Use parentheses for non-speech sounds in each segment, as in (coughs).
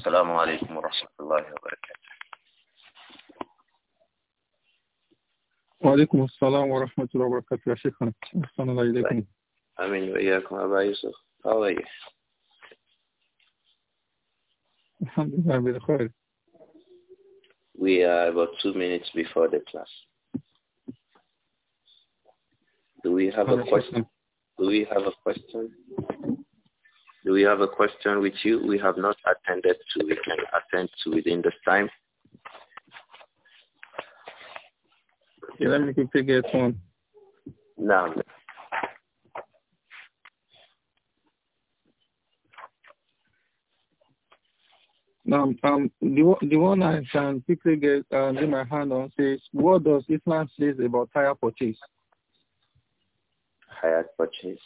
السلام عليكم ورحمة الله وبركاته وعليكم السلام ورحمة الله وبركاته يا شيخنا أحسن الله إليكم آمين وإياكم أبا يوسف How are you? Alhamdulillah, بخير We are about two minutes before the class. Do we have a question? Do we have a question? Do we have a question with you? We have not attended to. We can attend to within this time. Yeah, let me quickly this one. Now. Um, um, the, the one I can quickly get uh, in my hand on says, what does Islam say about higher purchase? Higher purchase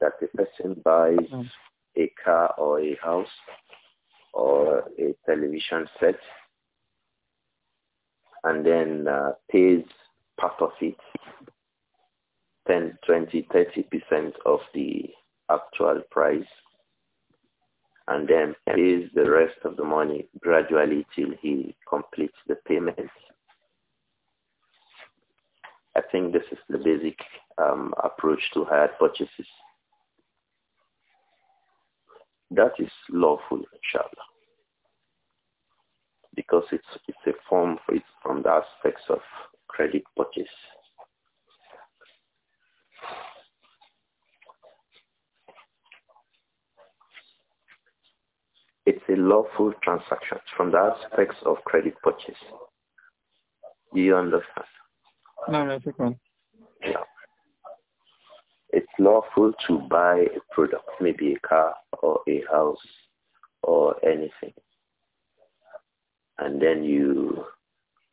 that a person buys mm. a car or a house or a television set and then uh, pays part of it, 10, 20, 30% of the actual price, and then pays the rest of the money gradually till he completes the payment. I think this is the basic um, approach to hire purchases. That is lawful, inshallah. Because it's, it's a form, from the aspects of credit purchase. It's a lawful transaction from the aspects of credit purchase. Do you understand? No, no, it's okay. It's lawful to buy a product, maybe a car or a house or anything. And then you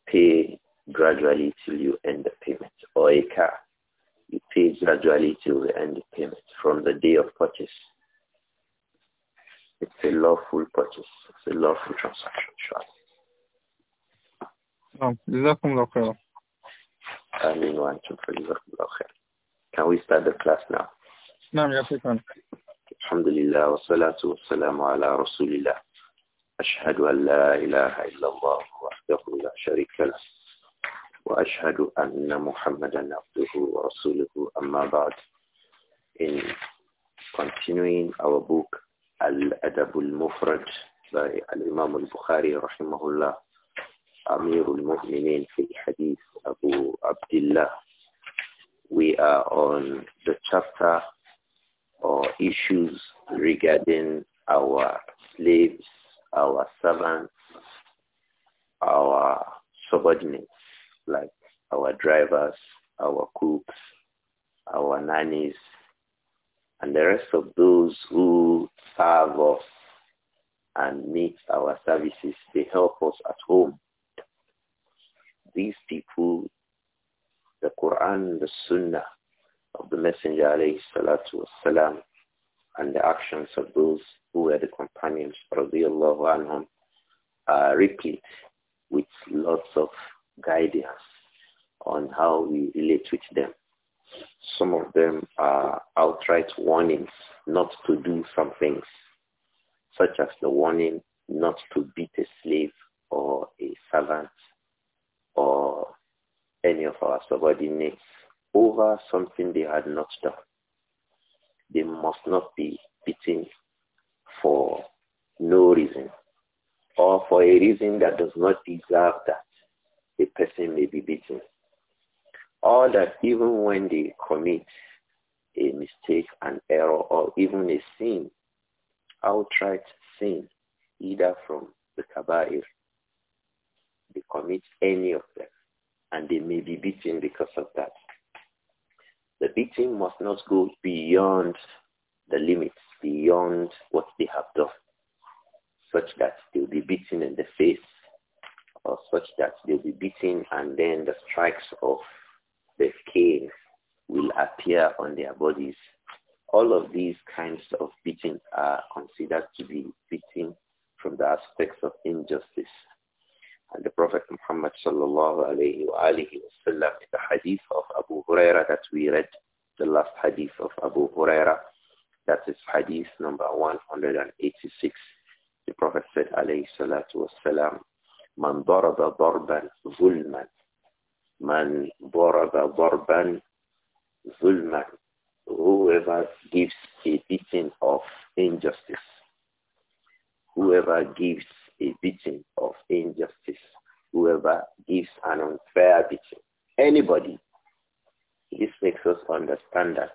pay gradually till you end the payment. Or a car, you pay gradually till you end the payment from the day of purchase. It's a lawful purchase. It's a lawful transaction. Sure. نعم جزاكم الله خيرا Can we start the class now? نعم يا شيخنا الحمد لله والصلاة والسلام على رسول الله أشهد أن لا إله إلا الله وحده لا شريك له وأشهد أن محمدا عبده ورسوله أما بعد in continuing our book الأدب المفرد by الإمام البخاري رحمه الله أمير المؤمنين في الحديث أبو عبد الله we are on the chapter or issues regarding our slaves, our servants, our subordinates, like our drivers, our cooks, our nannies, and the rest of those who serve us and meet our services. They help us at home. These people the Quran, the Sunnah of the Messenger alayhi salatu and the actions of those who were the companions radiallahu anhum are uh, replete with lots of guidance on how we relate with them. Some of them are outright warnings not to do some things, such as the warning not to beat a slave or a servant or any of our subordinates over something they had not done. They must not be beaten for no reason or for a reason that does not deserve that a person may be beaten. Or that even when they commit a mistake, an error, or even a sin, outright sin, either from the kabair, they commit any of them and they may be beaten because of that. The beating must not go beyond the limits, beyond what they have done, such that they'll be beaten in the face or such that they'll be beaten and then the strikes of the cane will appear on their bodies. All of these kinds of beatings are considered to be beating from the aspects of injustice. And the Prophet Muhammad sallallahu alayhi wa alihi wasallam in the hadith of Abu Huraira that we read, the last hadith of Abu Huraira, that is hadith number 186. The Prophet said alayhi salatu wasalam, من ضرب ضربا ظلما من ضرب ضربا ظلما whoever gives a beating of injustice whoever gives a beating of injustice. Whoever gives an unfair beating, anybody, this makes us understand that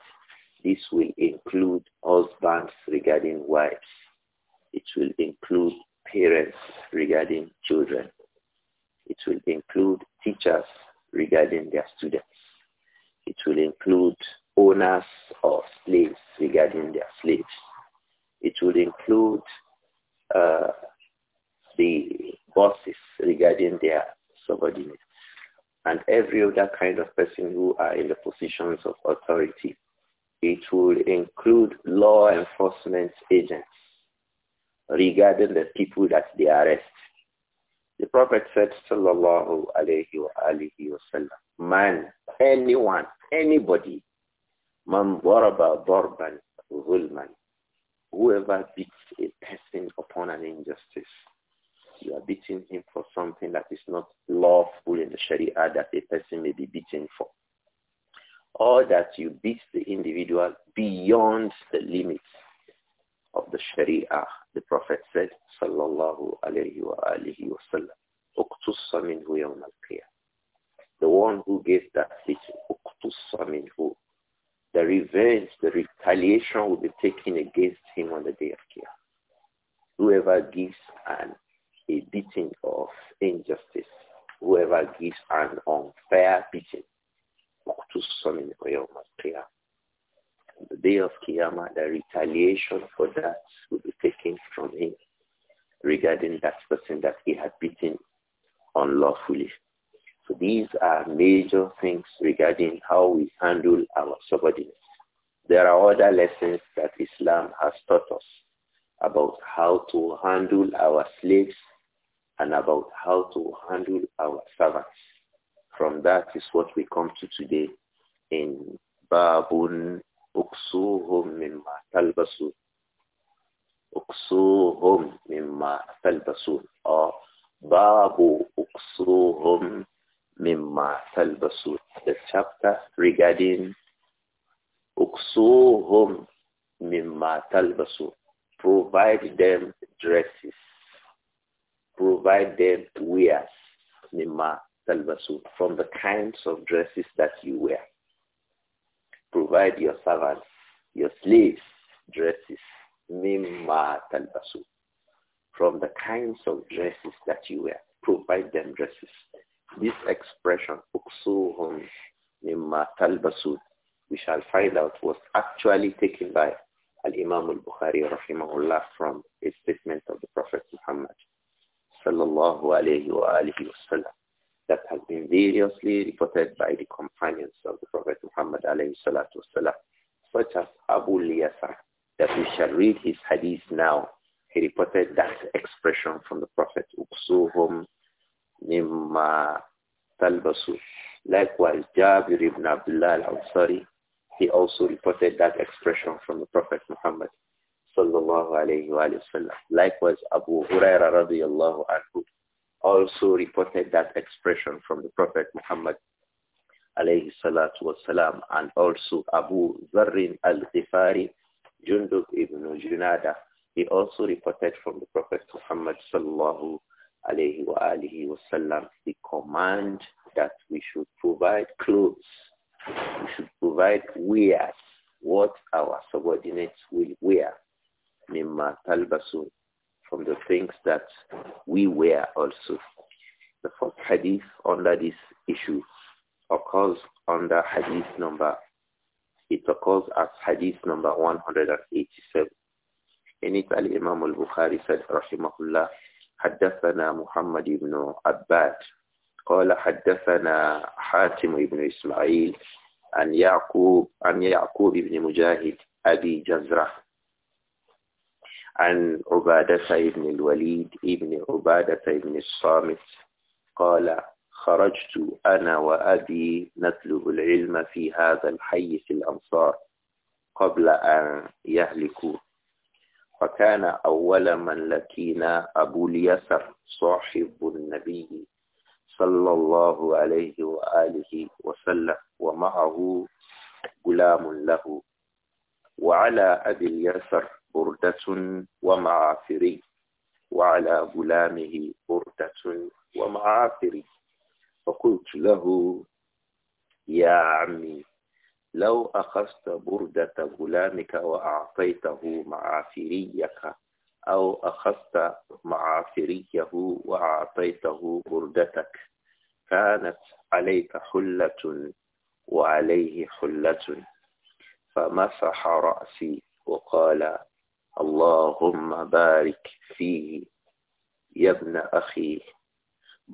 this will include husbands regarding wives. It will include parents regarding children. It will include teachers regarding their students. It will include owners of slaves regarding their slaves. It will include uh, the bosses regarding their subordinates and every other kind of person who are in the positions of authority. It will include law enforcement agents regarding the people that they arrest. The Prophet said, Sallallahu alayhi wa sallam, man, anyone, anybody, man daraba darban zulman, whoever beats a person upon an injustice, you are beating him for something that is not lawful in the Sharia that a person may be beaten for. Or that you beat the individual beyond the limits of the Sharia. The Prophet said, Sallallahu Alaihi wa alihi wa yawm al The one who gave that beating, The revenge, the retaliation will be taken against him on the day of Qiyamah whoever gives an a beating of injustice, whoever gives an unfair beating, the day of Qiyamah, the retaliation for that will be taken from him regarding that person that he had beaten unlawfully. So these are major things regarding how we handle our subordinates. There are other lessons that Islam has taught us about how to handle our slaves and about how to handle our servants. From that is what we come to today in Babun Uksuhum Mimma Talbasun. Uksuhum Mimma Talbasun or Babu Uksuhum Mimma Talbasun. The chapter regarding Uksuhum Mimma Talbasun. Provide them dresses provide them wears, mimma talbasu, from the kinds of dresses that you wear. Provide your servants, your slaves, dresses, mimma talbasu, from the kinds of dresses that you wear. Provide them dresses. This expression, uksuhum mimma talbasu, we shall find out was actually taken by Al-Imam al-Bukhari rahimahullah from a statement of the Prophet Muhammad sallallahu alayhi wa alihi that has been variously reported by the companions of the Prophet Muhammad alayhi salatu such as Abu Yasa, that we shall read his hadith now. He reported that expression from the Prophet, Uksuhum mimma talbasu. Likewise, Jabir ibn Abdullah al-Ansari, he also reported that expression from the Prophet Muhammad sallallahu alayhi wa Likewise, Abu Huraira radiallahu anhu also reported that expression from the Prophet Muhammad alayhi salatu wasalam and also Abu Zarrin al-Ghifari, Jundub ibn Junada. He also reported from the Prophet Muhammad sallallahu alayhi wa alihi wasallam the command that we should provide clothes, we should provide wear, what our subordinates will wear mimma talbasun from the things that we wear also. The first hadith under this issue occurs under hadith number, it occurs as hadith number 187. In it, Al-Imam al-Bukhari said, Rahimahullah, حدثنا محمد بن عباد قال حدثنا حاتم بن إسماعيل عن يعقوب عن يعقوب بن مجاهد أبي جزرة عن عبادة بن الوليد ابن عبادة بن الصامت قال خرجت أنا وأبي نطلب العلم في هذا الحي في الأنصار قبل أن يهلكوا فكان أول من لقينا أبو اليسر صاحب النبي صلى الله عليه وآله وسلم ومعه غلام له وعلى أبي اليسر بردة ومعافري وعلى غلامه بردة ومعافري فقلت له يا عمي لو أخذت بردة غلامك وأعطيته معافريك أو أخذت معافريه وأعطيته بردتك كانت عليك حلة وعليه حلة فمسح رأسي وقال اللهم بارك فيه يا ابن أخي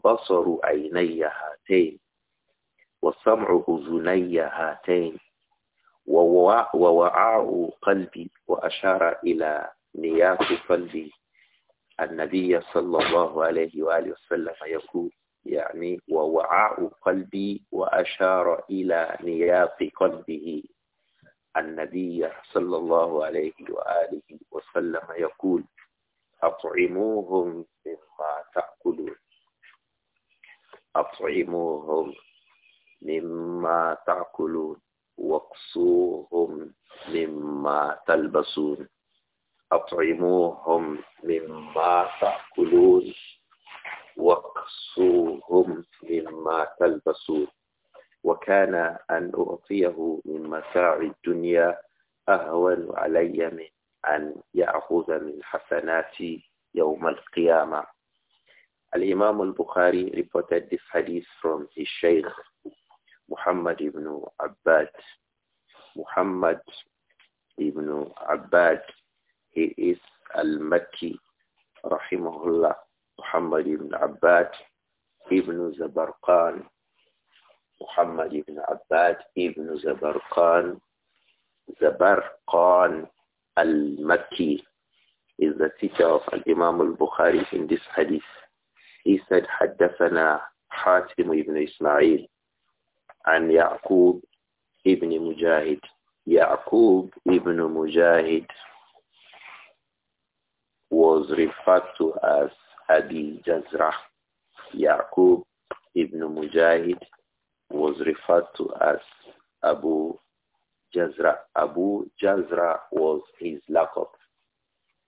بصر عيني هاتين وسمع أذني هاتين ووعاء قلبي وأشار إلى نيات قلبي النبي صلى الله عليه وآله وسلم يقول يعني ووعاء قلبي وأشار إلى نياط قلبه النبي صلى الله عليه وآله وسلم يقول أطعموهم مما تأكلون أطعموهم مما تأكلون واقصوهم مما تلبسون أطعموهم مما تأكلون واقصوهم مما تلبسون وكان أن أعطيه من متاع الدنيا أهون علي من أن يأخذ من حسناتي يوم القيامة الإمام البخاري reported this hadith from his sheikh Muhammad ibn Abbad Muhammad ibn Abbad he is al-Makki rahimahullah Muhammad ibn Abbad ibn Zabarqan Muhammad ibn Abbad ibn Zabarqan, Zabarqan al-Makki is the teacher of imam al-Bukhari in this hadith. He said, حدثنا Hatim ibn Ismail and Ya'qub ibn Mujahid. Yaqub ibn Mujahid was referred to as Abi Jazrah. Yaqub ibn Mujahid was referred to as Abu Jazra. Abu Jazra was his lakab,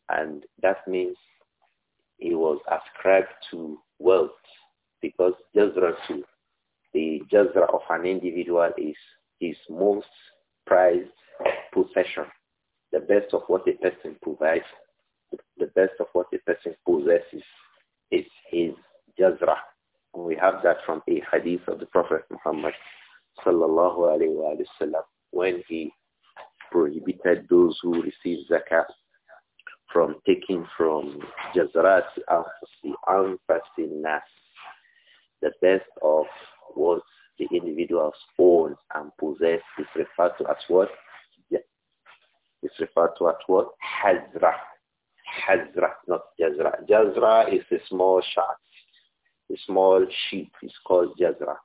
And that means he was ascribed to wealth because Jazra too, the Jazra of an individual is his most prized possession. The best of what a person provides, the best of what a person possesses is his Jazra. We have that from a hadith of the Prophet Muhammad sallallahu alayhi wa when he prohibited those who receive zakat from taking from jazarat anfasinas, the best of what the individuals own and possess is referred to as what? Yeah. It's referred to as what? Hazra. Hazra, not Jazra. Jazra is a small shark a small sheep is called Jazra,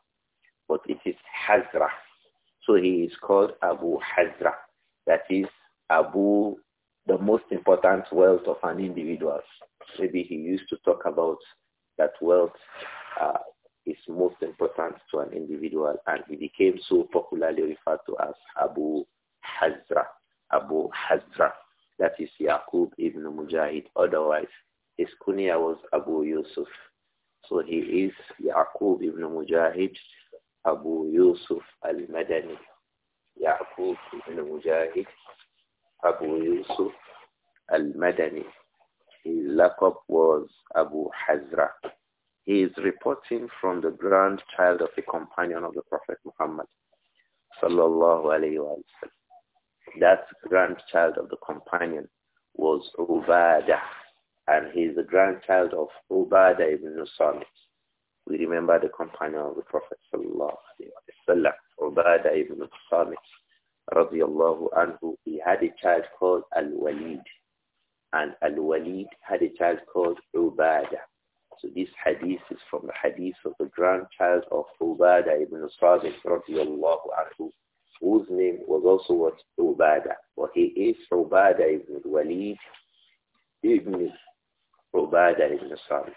but it is Hazra. So he is called Abu Hazra. That is Abu, the most important wealth of an individual. Maybe he used to talk about that wealth uh, is most important to an individual and he became so popularly referred to as Abu Hazra. Abu Hazra. That is Yaqub ibn Mujahid. Otherwise, his kunya was Abu Yusuf. So he is Yaqub ibn Mujahid Abu Yusuf al-Madani. Yaqub ibn Mujahid Abu Yusuf al-Madani. His laqab was Abu Hazra. He is reporting from the grandchild of the companion of the Prophet Muhammad sallallahu alayhi wa That grandchild of the companion was Ubadah and he is the grandchild of Ubadah ibn Samit. We remember the companion of the Prophet sallallahu alayhi wa Ubadah ibn Samit radiallahu anhu. He had a child called Al-Walid and Al-Walid had a child called Ubadah. So this hadith is from the hadith of the grandchild of Ubadah ibn Samit radiallahu anhu whose name was also what Ubadah. But he is Ubadah ibn Walid ibn Ubada ibn Salih.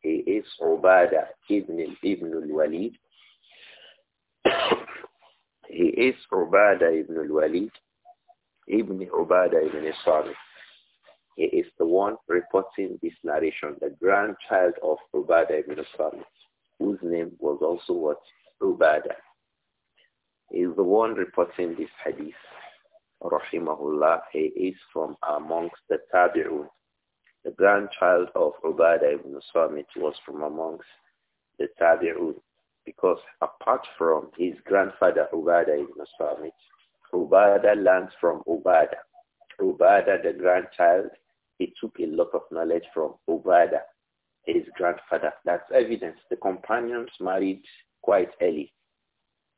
He is Ubada ibn, ibn al-Walid. (coughs) he is Ubada ibn al-Walid, ibn Ubada ibn Salih. He is the one reporting this narration, the grandchild of Ubada ibn Salih, whose name was also what? Ubada. He is the one reporting this hadith. Rahimahullah, he is from amongst the Tabi'un. The grandchild of Ubaidah ibn Samit was from amongst the Tabi'un because apart from his grandfather Ubaidah ibn Samit, Ubaidah learned from Ubaidah, Ubaidah the grandchild, he took a lot of knowledge from Ubaidah, his grandfather. That's evidence. The companions married quite early.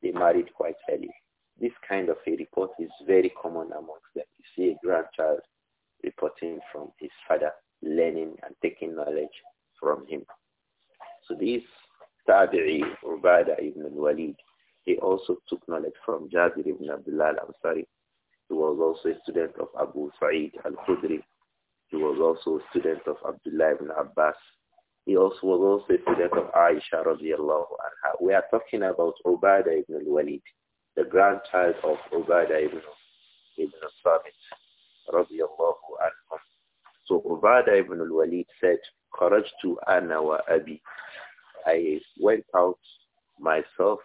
They married quite early. This kind of a report is very common amongst them. You see a grandchild reporting from his father learning and taking knowledge from him. So this Tabi'i, Ubada ibn al-Walid, he also took knowledge from Jabir ibn Abdullah al-Ansari. He was also a student of Abu Sa'id al-Khudri. He was also a student of Abdullah ibn Abbas. He also was also a student of Aisha radiallahu anha. We are talking about Ubada ibn al-Walid, the grandchild of Ubada ibn, ibn al-Samit radiallahu anhum. So Ubadah ibn al-Walid said, خرجت أنا وأبي. I went out myself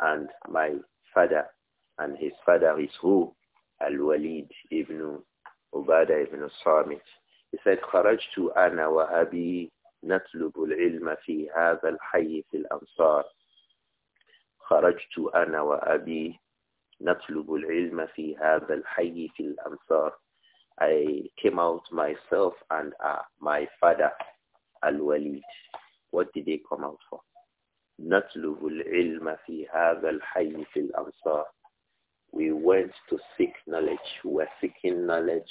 and my father. And his father is who? Al-Walid ibn Ubadah ibn Samit. He said, خرجت أنا وأبي نطلب العلم في هذا الحي في الأنصار. خرجت أنا وأبي نطلب العلم في هذا الحي في الأنصار. I came out myself and uh, my father, Al-Walid. What did they come out for? نطلب العلم في هذا الحي في We went to seek knowledge. We were seeking knowledge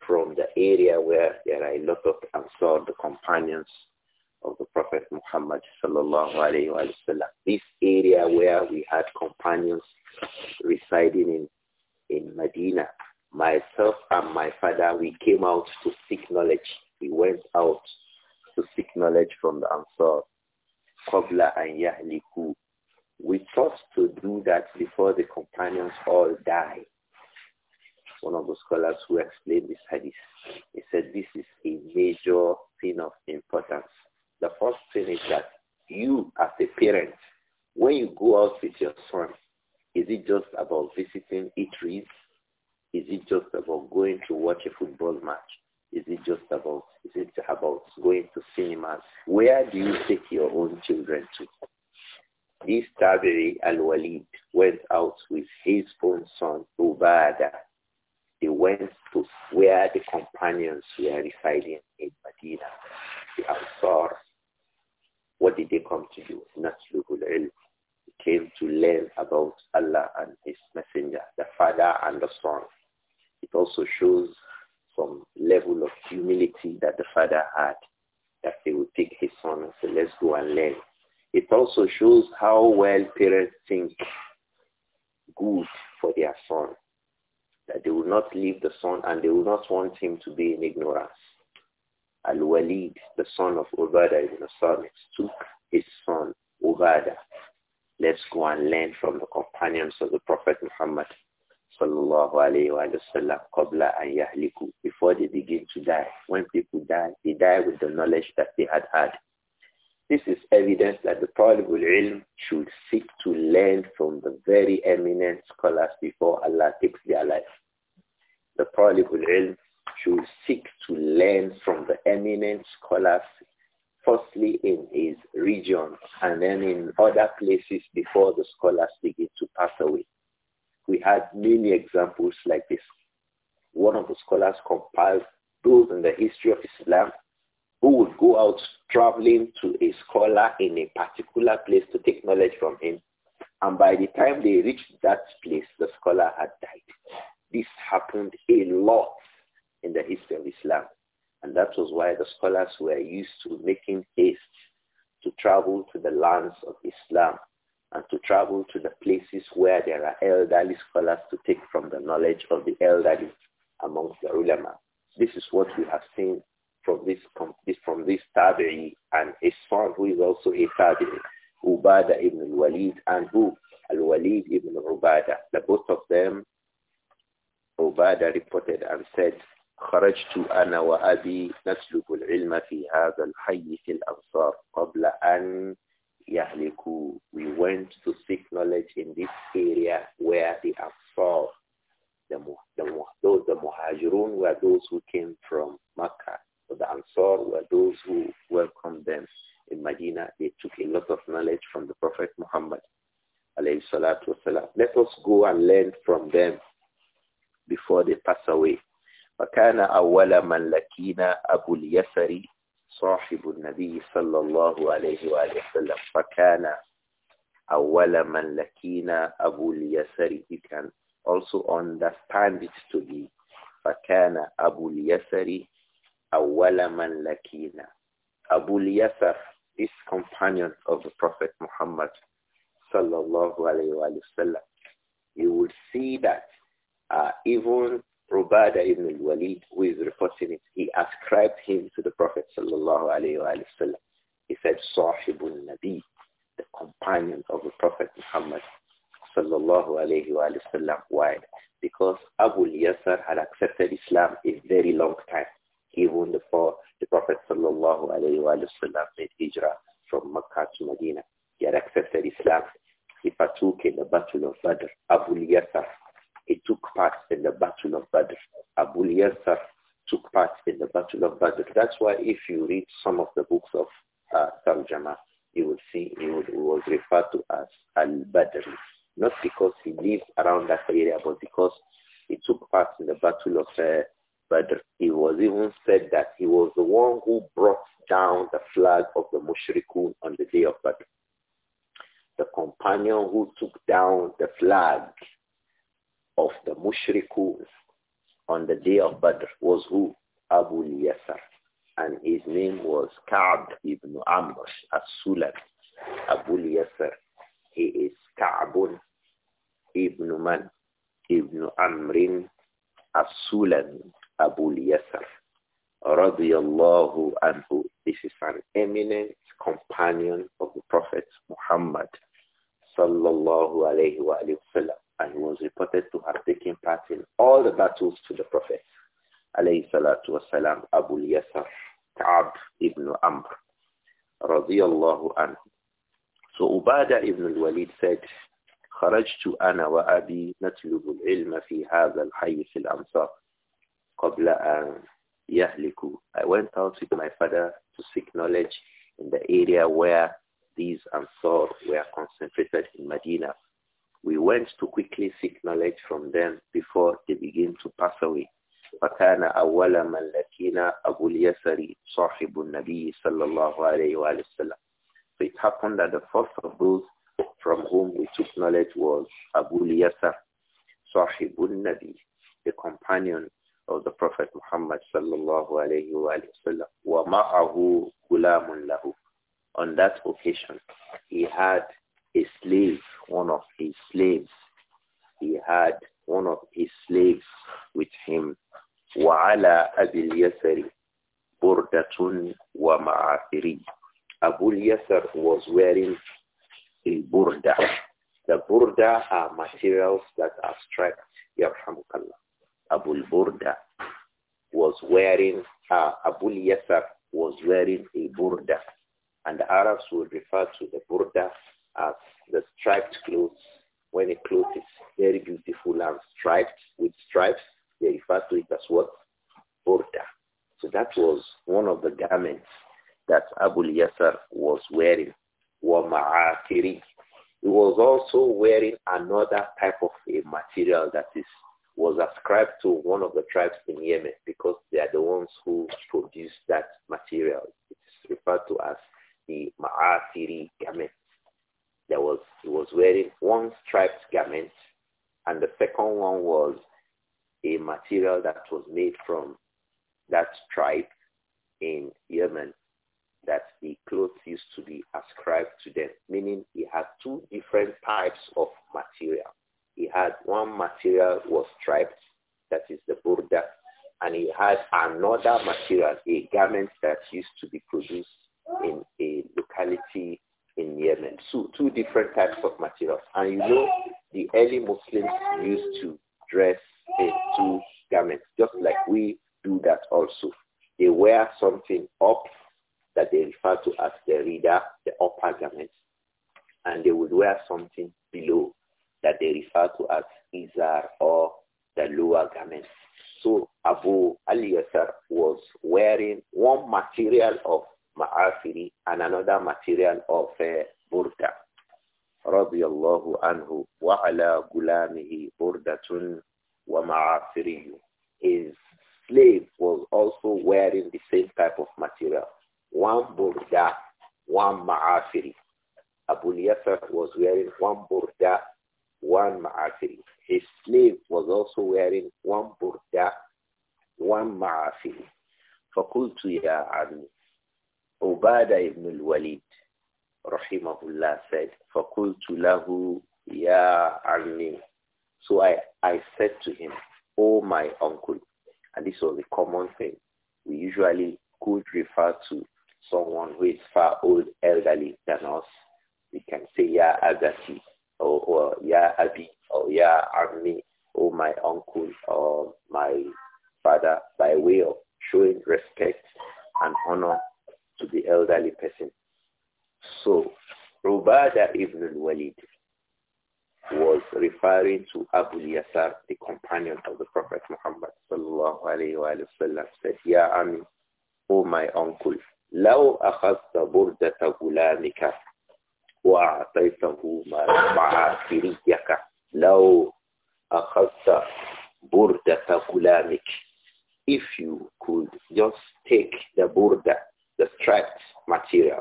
from the area where there are a lot of Ansar, the companions of the Prophet Muhammad sallallahu alayhi wa sallam. This area where we had companions residing in, in Medina, myself and my father, we came out to seek knowledge. We went out to seek knowledge from the Ansar. Qabla and Yahliku. We thought to do that before the companions all die. One of the scholars who explained this hadith, he said this is a major thing of importance. The first thing is that you as a parent, when you go out with your son, is it just about visiting eateries is it just about going to watch a football match? Is it just about, is it about going to cinemas? Where do you take your own children to? This Tabiri al-Walid went out with his own son, Ubada. They went to where the companions were residing in Medina, the Ansar. What did they come to do? Naslul ilm. They came to learn about Allah and His Messenger, the Father and the Son. It also shows some level of humility that the father had, that they would take his son and say, let's go and learn. It also shows how well parents think good for their son, that they will not leave the son and they will not want him to be in ignorance. Al-Walid, the son of Ubadah ibn Samit, took his son Ubadah. Let's go and learn from the companions of the Prophet Muhammad sallallahu alayhi wa sallam qabla an yahliku before they begin to die. When people die, they die with the knowledge that they had had. This is evidence that the Talibul Ilm should seek to learn from the very eminent scholars before Allah takes their life. The Talibul Ilm should seek to learn from the eminent scholars firstly in his region and then in other places before the scholars begin to pass away. We had many examples like this. One of the scholars compiled those in the history of Islam who would go out traveling to a scholar in a particular place to take knowledge from him. And by the time they reached that place, the scholar had died. This happened a lot in the history of Islam. And that was why the scholars were used to making haste to travel to the lands of Islam and to travel to the places where there are elderly scholars to take from the knowledge of the elderly amongst the ulama. This is what we have seen from this from this tabi'i and his son who is also a tabi'i, Ubada ibn al-Walid and who? Al-Walid ibn Ubada. The both of them, Ubada reported and said, خرجت أنا وأبي نسلك العلم في هذا الحي في الأنصار قبل أن Yahliku. We went to seek knowledge in this area where the Ansar, the, the, those, the Muhajirun were those who came from Makkah. So the Ansar were those who welcomed them in Medina. They took a lot of knowledge from the Prophet Muhammad. Let us go and learn from them before they pass away. فكان أول من لكينا أبو اليسري صاحب النبي صلى الله عليه وآله وسلم فكان أول من لكينا أبو اليسر he can also understand it to be فكان أبو اليسر أول من لكينا أبو اليسر this companion of the Prophet Muhammad sallallahu alayhi wa sallam you will see that uh, even Rubada ibn al-Walid, who is reporting it, he ascribed him to the Prophet sallallahu alayhi wa sallam. He said, Sahibun Nabi, the companion of the Prophet Muhammad sallallahu alayhi wa sallam. Why? Because Abu Yasar had accepted Islam a very long time, even before the Prophet sallallahu alayhi wa sallam made hijrah from Makkah to Medina. He had accepted Islam. He partook in the Battle of Badr. Abu Yasar he took part in the Battle of Badr. Abu Yasar took part in the Battle of Badr. That's why if you read some of the books of uh, Tarjama, you will see he was referred to as al badrli Not because he lived around that area, but because he took part in the Battle of uh, Badr. It was even said that he was the one who brought down the flag of the Mushrikun on the day of Badr. The companion who took down the flag of the mushrikun on the day of Badr was who? Abu Yasar. And his name was Ka'b ibn Amr as-Sulam. Abu Yasar. He is Ka'b ibn Man ibn Amrin as-Sulam Abu Yasar. Radiyallahu anhu. This is an eminent companion of the Prophet Muhammad sallallahu alayhi wa sallam and he was reported to have taken part in all the battles to the Prophet. Alayhi salatu wasalam, Abu Yasar, Ka'ab ibn Amr, radiyallahu anhu. So Ubada ibn al-Walid said, خرجت أنا وأبي العلم في هذا الحي في الأمصار قبل أن I went out with my father to seek knowledge in the area where these Ansar were concentrated in Medina we went to quickly seek knowledge from them before they begin to pass away. فكان أول من لكينا أبو اليسري صاحب النبي صلى الله عليه وسلم. So it happened that the first of those from whom we took knowledge was Abu Yasar, صاحب النبي, the companion of the Prophet Muhammad sallallahu alayhi wa sallam. وَمَعَهُ غُلَامٌ لَهُ On that occasion, he had a slave, one of his slaves. He had one of his slaves with him. وعلى أبي اليسر بردة ومعافري. Abu Yasser was wearing a burda. The burda are materials that are striped. Yarhamukallah. Abu burda was wearing, uh, Abu Yasser was wearing a burda. And the Arabs would refer to the burda as the striped clothes garments that Abu Yasser was wearing. He was also wearing another type of a material that is was ascribed to one of the tribes in Yemen because they are the ones who produce that material. It's referred to as the Ma'afiri garment. There was he was wearing one striped garment and the second one was a material that was made from that tribe material was striped, that is the burda, and he had another material, a garment that used to be produced in a locality in Yemen. So two different types of materials. And you know, the early Muslims used to one burda, one ma'afiri. Abu Yasser was wearing one burda, one ma'afiri. His slave was also wearing one burda, one ma'afiri. فقلت يا عمي عبادة ibn al رحمه الله said فقلت له يا عمي so I, I said to him oh my uncle and this was a common thing we usually could refer to someone who is far old, elderly than us, we can say Ya Agati or, or Ya Abi or Ya Ami or my uncle or my father by way of showing respect and honor to the elderly person. So Rubada ibn al-Walid was referring to Abu Yasar, the companion of the Prophet Muhammad sallallahu alayhi wa sallam, said, Ya Ami, O my uncle, لو أخذت بردة غلامك وأعطيته مع لو أخذت بردة غلامك if you could just take the burda, the striped material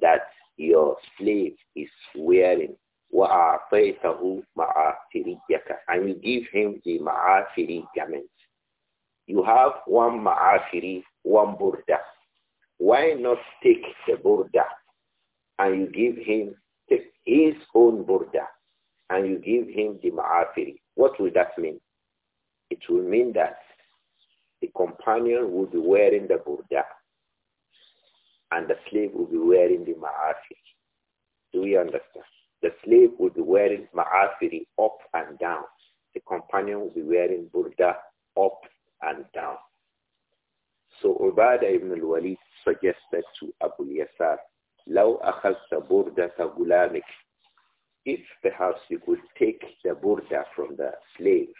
that your slave is wearing وأعطيته معافريك and you give him the معافري garment. You have one معافري, one burda. Why not take the burda and you give him his own burda and you give him the ma'afiri? What will that mean? It will mean that the companion will be wearing the burda and the slave will be wearing the ma'afiri. Do we understand? The slave will be wearing ma'afiri up and down. The companion will be wearing burda up and down. So Ubadah ibn al-Walid suggested to Abu Yasar, if perhaps you could take the burda from the slave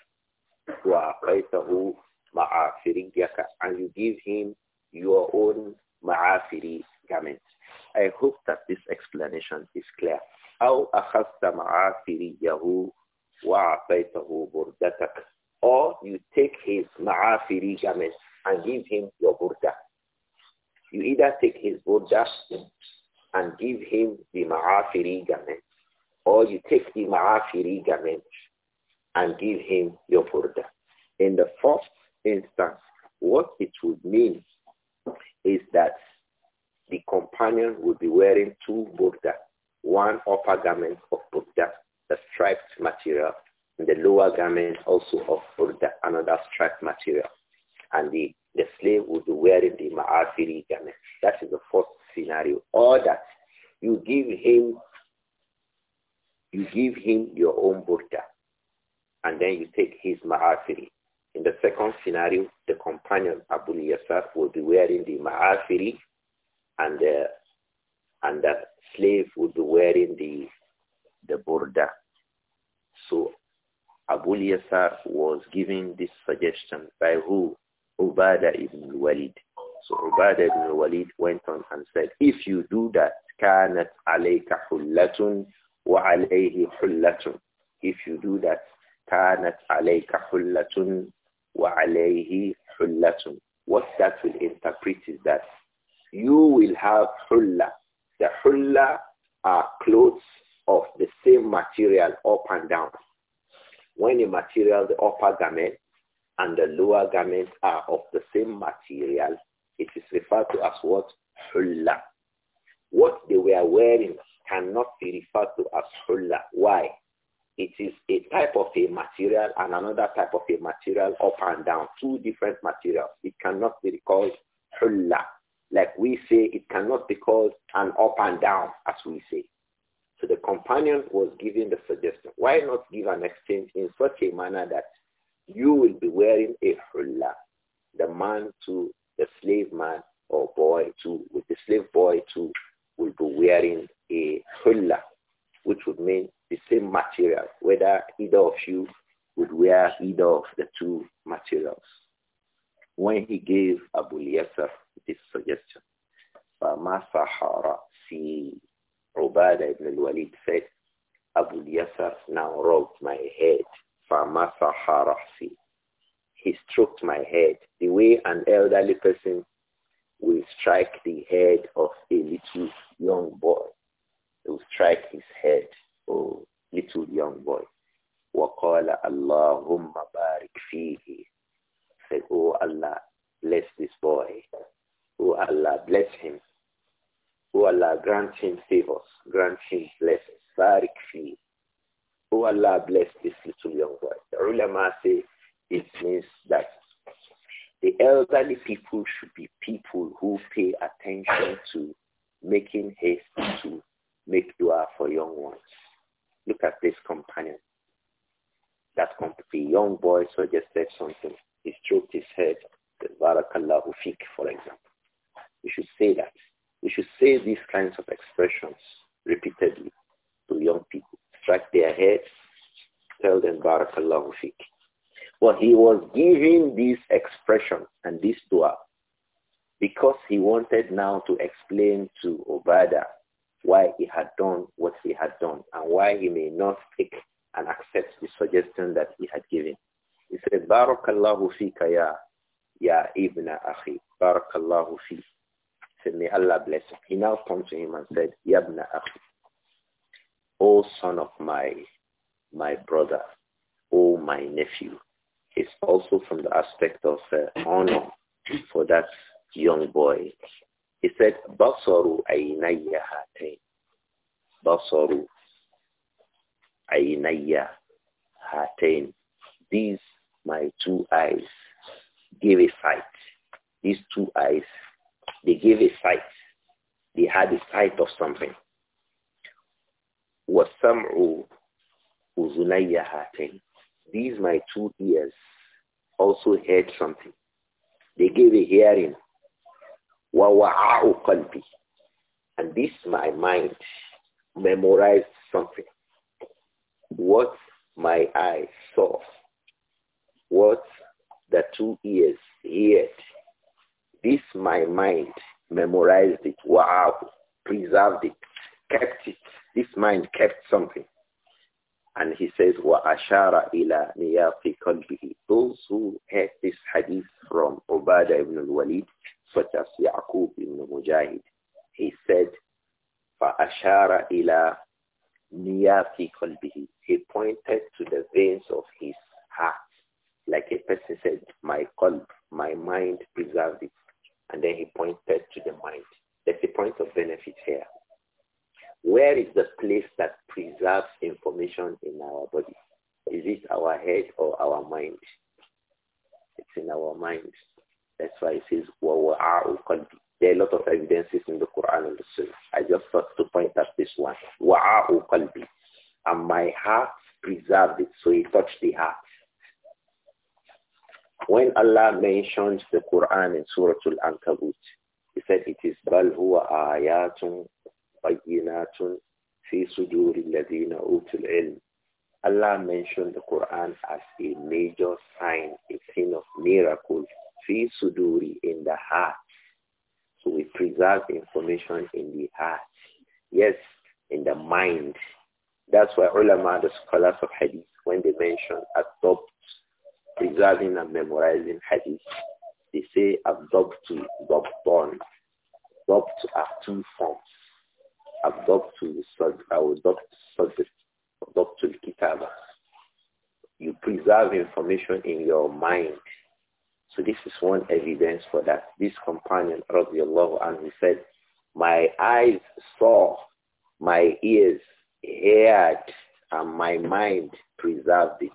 وأعطيته معافريك and you give him your own maafiri garment. I hope that this explanation is clear. or you take his maafiri garment and give him your burda. You either take his burja and give him the ma'afiri garment, or you take the ma'afiri garment and give him your burda. In the first instance, what it would mean is that the companion would be wearing two burda, one upper garment of burda, the striped material, and the lower garment also of burda, another striped material. And the the slave would be wearing the ma'afiri garment. That is the first scenario. Or that you give him, you give him your own burqa, and then you take his ma'afiri. In the second scenario, the companion Abu Yasar will be wearing the ma'afiri, and the uh, and the slave would be wearing the the burda. So Abu Yasar was given this suggestion by who? Ubadah ibn Walid. So Ubadah ibn Walid went on and said, if you do that, كانت عليك حلة وعليه حلة. If you do that, كانت عليك حلة وعليه حلة. What that will interpret is that you will have hulla. The hulla are clothes of the same material up and down. When a material, the upper garment, and the lower garments are of the same material, it is referred to as what? Hulla. What they were wearing cannot be referred to as hulla. Why? It is a type of a material and another type of a material up and down, two different materials. It cannot be called hulla. Like we say, it cannot be called an up and down, as we say. So the companion was giving the suggestion, why not give an exchange in such a manner that you will be wearing a hulla. The man too, the slave man or boy too, with the slave boy too, will be wearing a hulla, which would mean the same material, whether either of you would wear either of the two materials. When he gave Abu Yasser this suggestion, Sahara see Ubada ibn al-Walid said, Abu Yasser now rubbed my head Famasaharasi. He stroked my head the way an elderly person will strike the head of a little young boy. He will strike his head, oh, little young boy. Waqala Allahumma بَارِكْ فِيهِ Said, oh Allah, bless this boy. Oh Allah, bless him. Oh Allah, grant him favors, grant him blessings. Barik fi. Oh Allah bless this little young boy. The ulama say it means that the elderly people should be people who pay attention to making haste to make dua for young ones. Look at this companion. That the young boy suggested something. He stroked his head. Barakallahu fiqh, for example. We should say that. We should say these kinds of expressions repeatedly to young people. Strike their heads, tell them Barakallahu Fik. But he was giving this expression and this dua because he wanted now to explain to Obada why he had done what he had done and why he may not take and accept the suggestion that he had given. He said, Barakallahu fika ya, ya ibn akhi. Barakallahu fi. He said, may Allah bless him. He now turned to him and said, Ya ibn akhi. O son of my, my brother, O my nephew, is also from the aspect of uh, honor for that young boy. He said, Basaru aynayya hatain. Basaru aynayya hatain. These, my two eyes, gave a fight. These two eyes, they gave a fight. They had a fight of something. وَالسَّمْعُ أُذُنَيَّ هَاتَيْنِ These my two ears also heard something. They gave a hearing. وَوَعَعُ قَلْبِي And this my mind memorized something. What my eyes saw. What the two ears heard. This my mind memorized it. Wow. Preserved it. Kept it. This mind kept something. And he says, وَأَشَارَ إِلَى نِيَاقِ قَلْبِهِ Those who heard this hadith from Ubadah ibn al-Walid, such as Yaqub ibn Mujahid, he said, فَأَشَارَ إِلَى نِيَاقِ قَلْبِهِ He pointed to the veins of his heart. Like a person said, my qalb, my mind preserved it. And then he pointed to the mind. That's the point of benefit here. Where is the place that preserves information in our body? Is it our head or our mind? It's in our mind. That's why it says, There are a lot of evidences in the Quran and the Sunnah. I just thought to point at this one. Wa'a'u qalbi. And my heart preserved it, so it touched the heart. When Allah mentions the Quran in Surah Al-Ankabut, he said it is بَلْ هُوَ آيَاتٌ بَيِّنَاتٌ فِي صُدُورِ الَّذِينَ أُوتُوا الْعِلْمِ Allah mentioned the Quran as a major sign, a sign of miracle, fi suduri, in the heart. So we preserve information in the heart. Yes, in the mind. That's why ulama, the scholars of hadith, when they mention adopt, preserving and memorizing hadith, they say adopt to, adopt on. Adopt are two forms. Abdoptu to the Kitaba. You preserve information in your mind. So this is one evidence for that. This companion, radiallahu he said, my eyes saw, my ears heard, and my mind preserved it.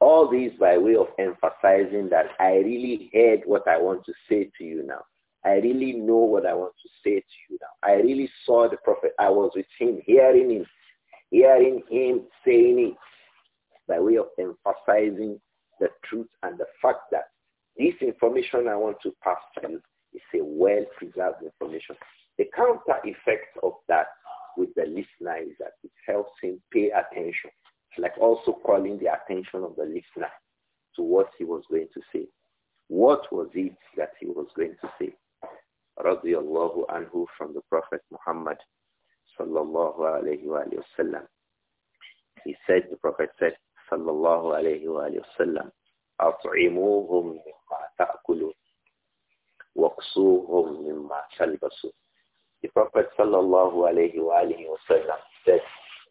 All these by way of emphasizing that I really heard what I want to say to you now. I really know what I want to say to you now. I really saw the prophet. I was with him, hearing him, hearing him saying it by way of emphasizing the truth and the fact that this information I want to pass to you is a well-preserved information. The counter effect of that with the listener is that it helps him pay attention, it's like also calling the attention of the listener to what he was going to say. What was it that he was going to say? radiallahu anhu from the Prophet Muhammad sallallahu alayhi wa sallam. He said, the Prophet said, sallallahu alayhi wa sallam, أطعموهم مما تأكلوا وقصوهم مما تلبسوا. The Prophet sallallahu alayhi wa sallam said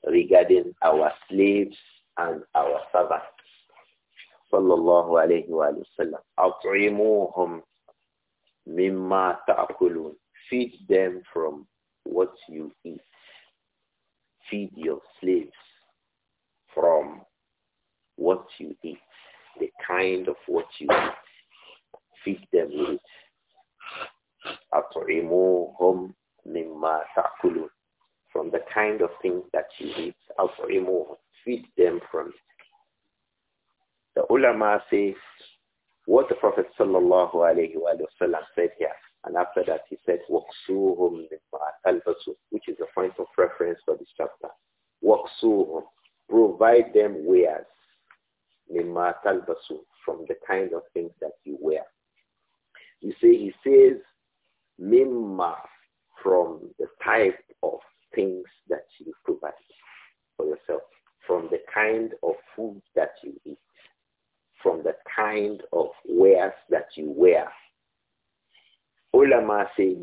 regarding our slaves and our servants. Sallallahu alayhi wa sallam. أطعموهم Mimma taakulun. Feed them from what you eat. Feed your slaves from what you eat, the kind of what you eat. Feed them with it. home. mimma taakulun. From the kind of things that you eat. At'imuhum. Feed them from it. The ulama says. What the Prophet sallallahu alayhi wa said here, and after that he said, "Waksuhum which is a point of reference for this chapter. Waksuhum, provide them wares, مِمَّا talbasu from the kind of things that you wear. You see, he says, mimma from the type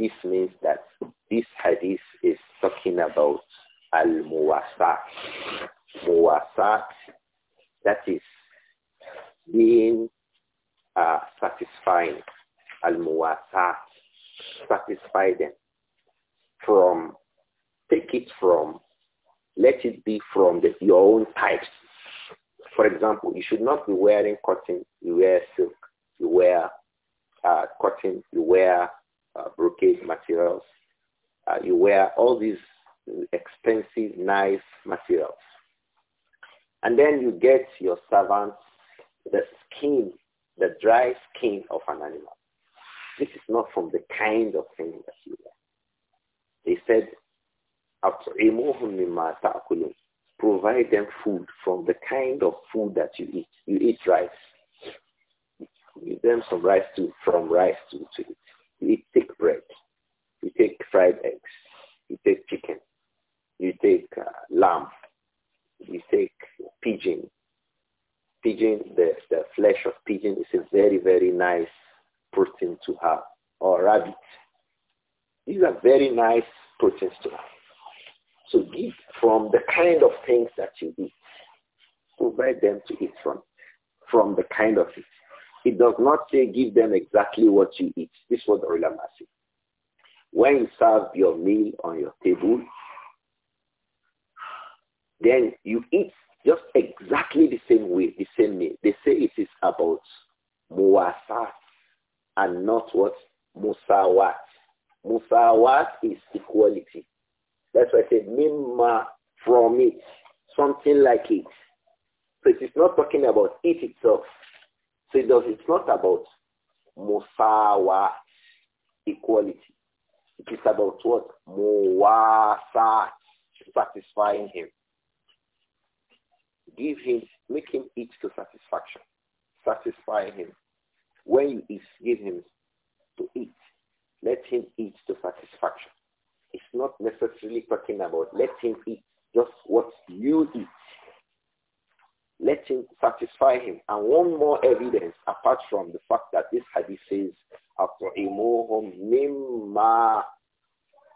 this means that this hadith is talking about al-muwasat. Muwasat, that is being uh, satisfying. Al-muwasat, satisfy them. From, take it from, let it be from the, your own types. For example, you should not be wearing cotton, you wear all these expensive, nice materials. And then you get your servants the skin, the dry skin of an animal. This is not from the kind of thing that you wear. They said, provide them food from the kind of food that you eat. You eat rice. Give them some rice too, from rice too. nice protein to have, or rabbit. These are very nice proteins to have. So give from the kind of things that you eat. Provide them to eat from, from the kind of it. It does not say give them exactly what you eat. This was the amazing. When you serve your meal on your table, muwasat and not what? Musawat. Musawat is equality. That's why I said mimma from it, something like it. So it is not talking about it itself. So it does, it's not about musawat, equality. It is about what? Muwasat, satisfying him. Give him, make him eat to satisfaction. Satisfy him. When you give him to eat. Let him eat to satisfaction. It's not necessarily talking about let him eat just what you eat. Let him satisfy him. And one more evidence apart from the fact that this hadith says, after أَطْعِمُوهُمْ مِمَّا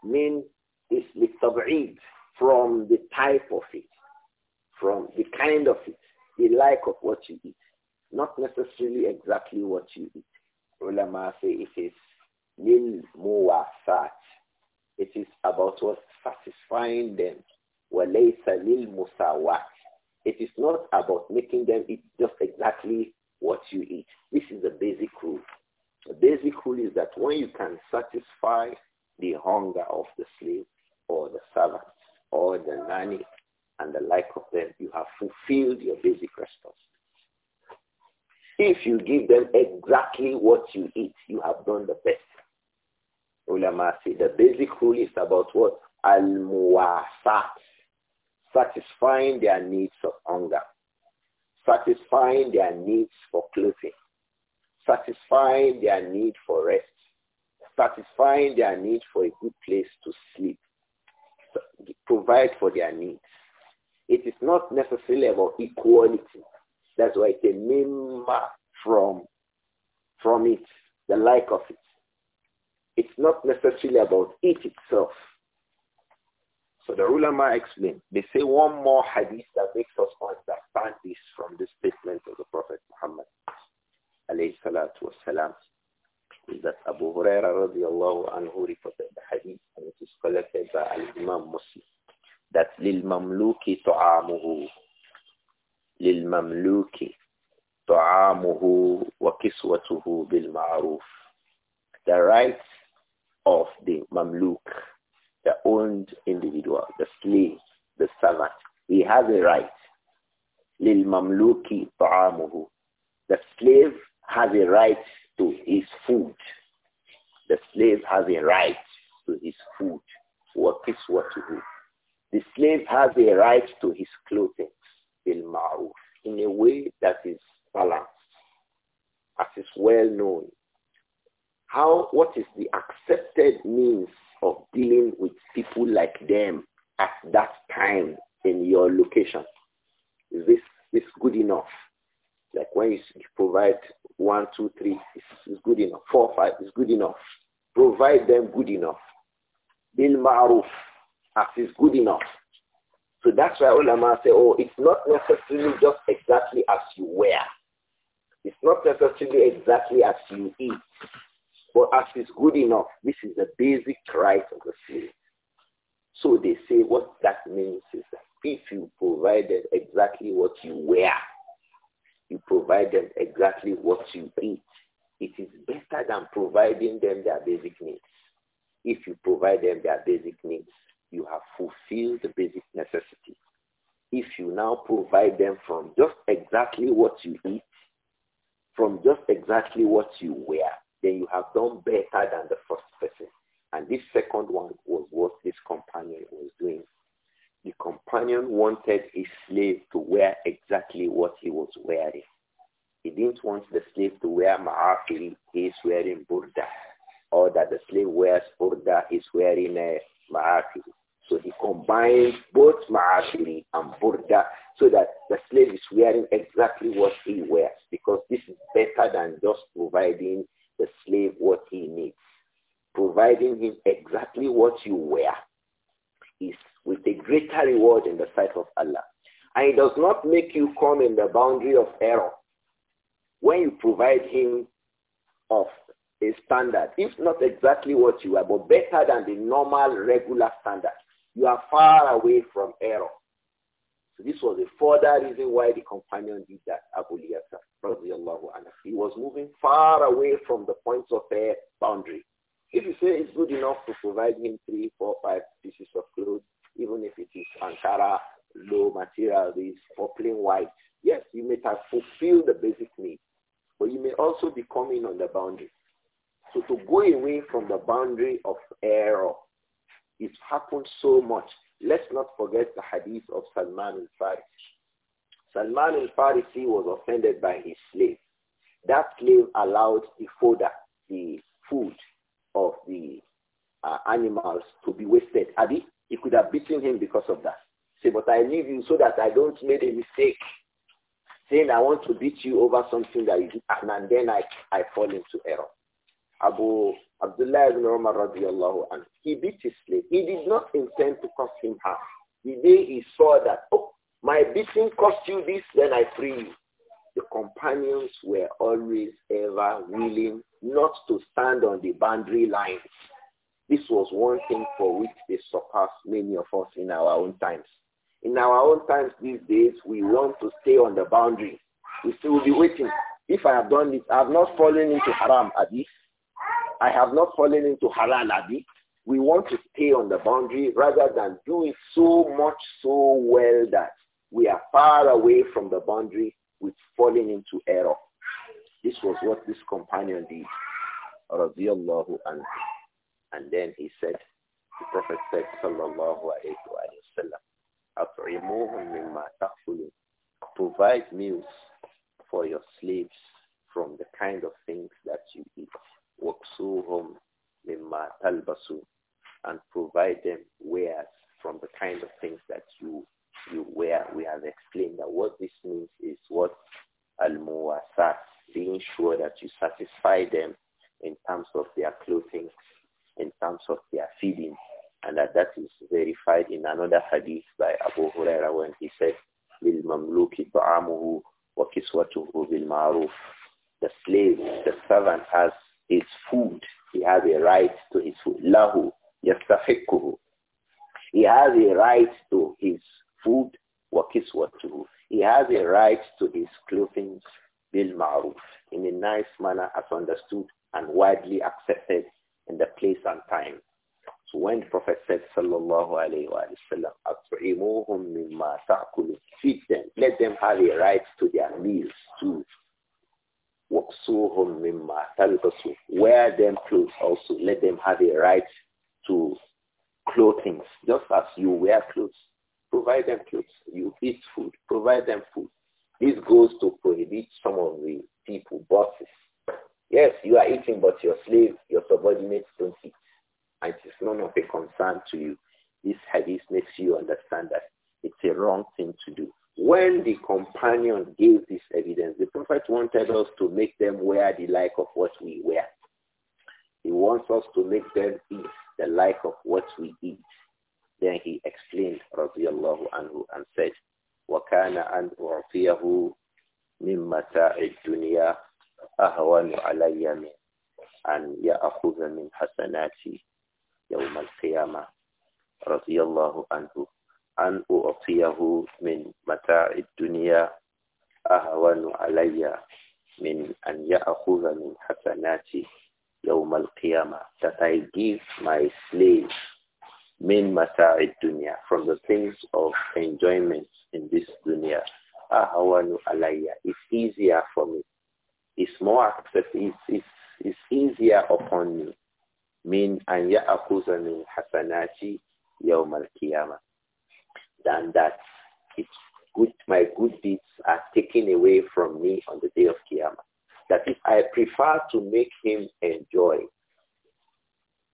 Min is لِلتَّبْعِيد From the type of it. From the kind of it. The like of what you eat not necessarily exactly what you eat. Ulama say it is lil muwasat. It is about what satisfying them. Walaysa lil musawat. It is not about making them eat just exactly what you eat. This is the basic rule. The basic rule is that when you can satisfy the hunger of the slave or the servant or the nanny and the like of them, you have fulfilled your basic responsibility. If you give them exactly what you eat, you have done the best. Ulama say the basic rule is about what? Al-muwasat. Satisfying their needs of hunger. Satisfying their needs for clothing. Satisfying their need for rest. Satisfying their need for a good place to sleep. Provide for their needs. It is not necessarily about equality that's why it's a from, from it, the like of it. It's not necessarily about it itself. So the ulama explain. They say one more hadith that makes us understand this from the statement of the Prophet Muhammad alayhi salatu wasalam is that Abu Huraira radiallahu anhu reported the hadith and it is collected by Al-Imam Muslim that lil mamluki ta'amuhu the rights of the mamluk, the owned individual, the slave, the servant. He has a right. Lil ta'amuhu. The slave has a right to his food. The slave has a right to his food. What is what to do? The slave has a right to his clothing. بِالْمَعْرُوفِ In a way that is balanced, as is well known. How, what is the accepted means of dealing with people like them at that time in your location? Is this, this good enough? Like when you provide one, two, three, is good enough. Four, five is good enough. Provide them good enough. Bil ma'ruf, as is good enough. So that's why ulama say, oh, it's not necessarily just exactly as you wear. It's not necessarily exactly as you eat. But as is good enough, this is the basic right of the spirit. So they say what that means is that if you provide them exactly what you wear, you provide them exactly what you eat, it is better than providing them their basic needs. If you provide them their basic needs, you have fulfilled the basic necessities. If you now provide them from just exactly what you eat, from just exactly what you wear, then you have done better than the first person. And this second one was what this companion was doing. The companion wanted a slave to wear exactly what he was wearing. He didn't want the slave to wear ma'afil, he's wearing burda. Or that the slave wears burda, he's wearing a uh, so he combines both ma'afiri and burda so that the slave is wearing exactly what he wears because this is better than just providing the slave what he needs. Providing him exactly what you wear is with a greater reward in the sight of Allah. And it does not make you come in the boundary of error. When you provide him of a standard, if not exactly what you are, but better than the normal, regular standard. You are far away from error. So this was a further reason why the companion did that, Abu Yasar, He was moving far away from the points of their boundary. If you say it's good enough to provide him three, four, five pieces of clothes, even if it is Ankara, low material, these for plain white, yes, you may have fulfilled the basic need, but you may also be coming on the boundary. So to go away from the boundary of error, it's happened so much. Let's not forget the hadith of Salman al-Farisi. Salman al-Farisi was offended by his slave. That slave allowed the fodder, the food of the uh, animals to be wasted. Abi, he could have beaten him because of that. Say, but I leave you so that I don't make a mistake saying I want to beat you over something that you did, and then I, I fall into error. Abu Abdullah ibn Umar radiallahu anhu. He beat his slave. He did not intend to cost him harm. The day he saw that, oh, my beating cost you this, then I free you. The companions were always ever willing not to stand on the boundary lines. This was one thing for which they surpassed many of us in our own times. In our own times these days, we want to stay on the boundary. We still will be waiting. If I have done this, I have not fallen into haram, Abi. I have not fallen into halal abi. We want to stay on the boundary rather than do it so much so well that we are far away from the boundary with falling into error. This was what this companion did. And then he said, the Prophet said, Sallallahu alayhi wa Provide meals for your slaves from the kind of things that you eat. وَقْصُوهُمْ مِمَّا talbasu And provide them wares from the kind of things that you you wear. We have explained that what this means is what al-muwasat, being sure that you satisfy them in terms of their clothing, in terms of their feeding, and that that is verified in another hadith by Abu Huraira when he said, wa kiswatuhu bil بِالْمَعْرُوفِ The slave, the servant has his food. He has a right to his food. Lahu yastafiquhu. He has a right to his food wa He has a right to his clothing bil in a nice manner as understood and widely accepted in the place and time. So when the Prophet said, Sallallahu Alaihi Wasallam, At'imuhum mimma ta'kulu, feed them, let them have a right to their meals too. وَقْسُوهُمْ مِمَّا تَلْبَسُوا Wear them clothes also. Let them have a right to clothing, just as you wear clothes. Provide them clothes. You eat food. Provide them food. This goes to prohibit some of the people, bosses. Yes, you are eating, but your slave, your subordinates don't eat. And it is none of a concern to you. This hadith makes you understand that it's a wrong thing to do. When the companion gave this evidence, the Prophet wanted us to make them wear the like of what we wear. He wants us to make them eat the like of what we eat. Then he explained, radiallahu anhu, and said, وَكَانَ أَنْ أُعْطِيَهُ مِنْ مَتَاعِ الدُّنْيَا أَهْوَانُ عَلَيَّ مِنْ أَنْ يَأْخُذَ مِنْ حَسَنَاتِي يَوْمَ الْقِيَامَةِ رضي الله عنه أن أعطيه من متاع الدنيا أهون علي من أن يأخذ من حسناتي يوم القيامة that I give my slave من متاع dunya from the things of enjoyment in this dunya أهون علي it's easier for me it's more accessible it's, it's, it's easier upon me من أن يأخذ من حسناتي يوم القيامة than that it's good, my good deeds are taken away from me on the day of That if I prefer to make him enjoy,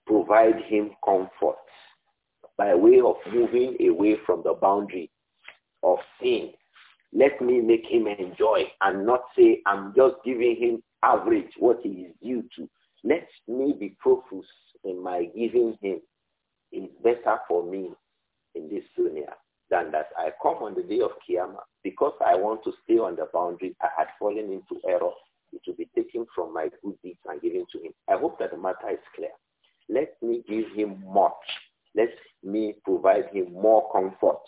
provide him comfort by way of moving away from the boundary of sin. Let me make him enjoy and not say I'm just giving him average what he is due to. Let me be profuse in my giving him. is better for me in this dunya than that I come on the day of Qiyamah because I want to stay on the boundary. I had fallen into error. It will be taken from my good deeds and given to him. I hope that the matter is clear. Let me give him much. Let me provide him more comfort.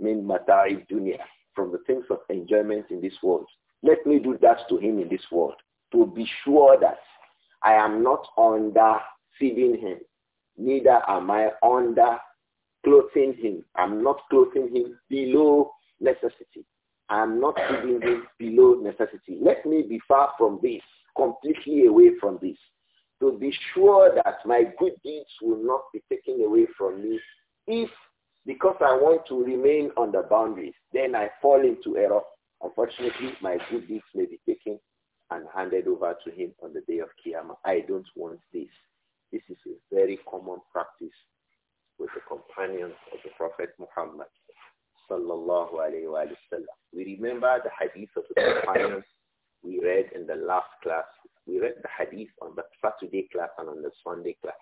Mean matari Junior From the things of enjoyment in this world. Let me do that to him in this world. To be sure that I am not under feeding him. Neither am I under clothing him. I'm not clothing him below necessity. I'm not giving him below necessity. Let me be far from this, completely away from this, to be sure that my good deeds will not be taken away from me if because I want to remain on the boundaries, then I fall into error. Unfortunately, my good deeds may be taken and handed over to him on the day of Kiyama. I don't want this. This is a very common practice with the companions of the Prophet Muhammad sallallahu alayhi wa We remember the hadith of the companions we read in the last class. We read the hadith on the Saturday class and on the Sunday class.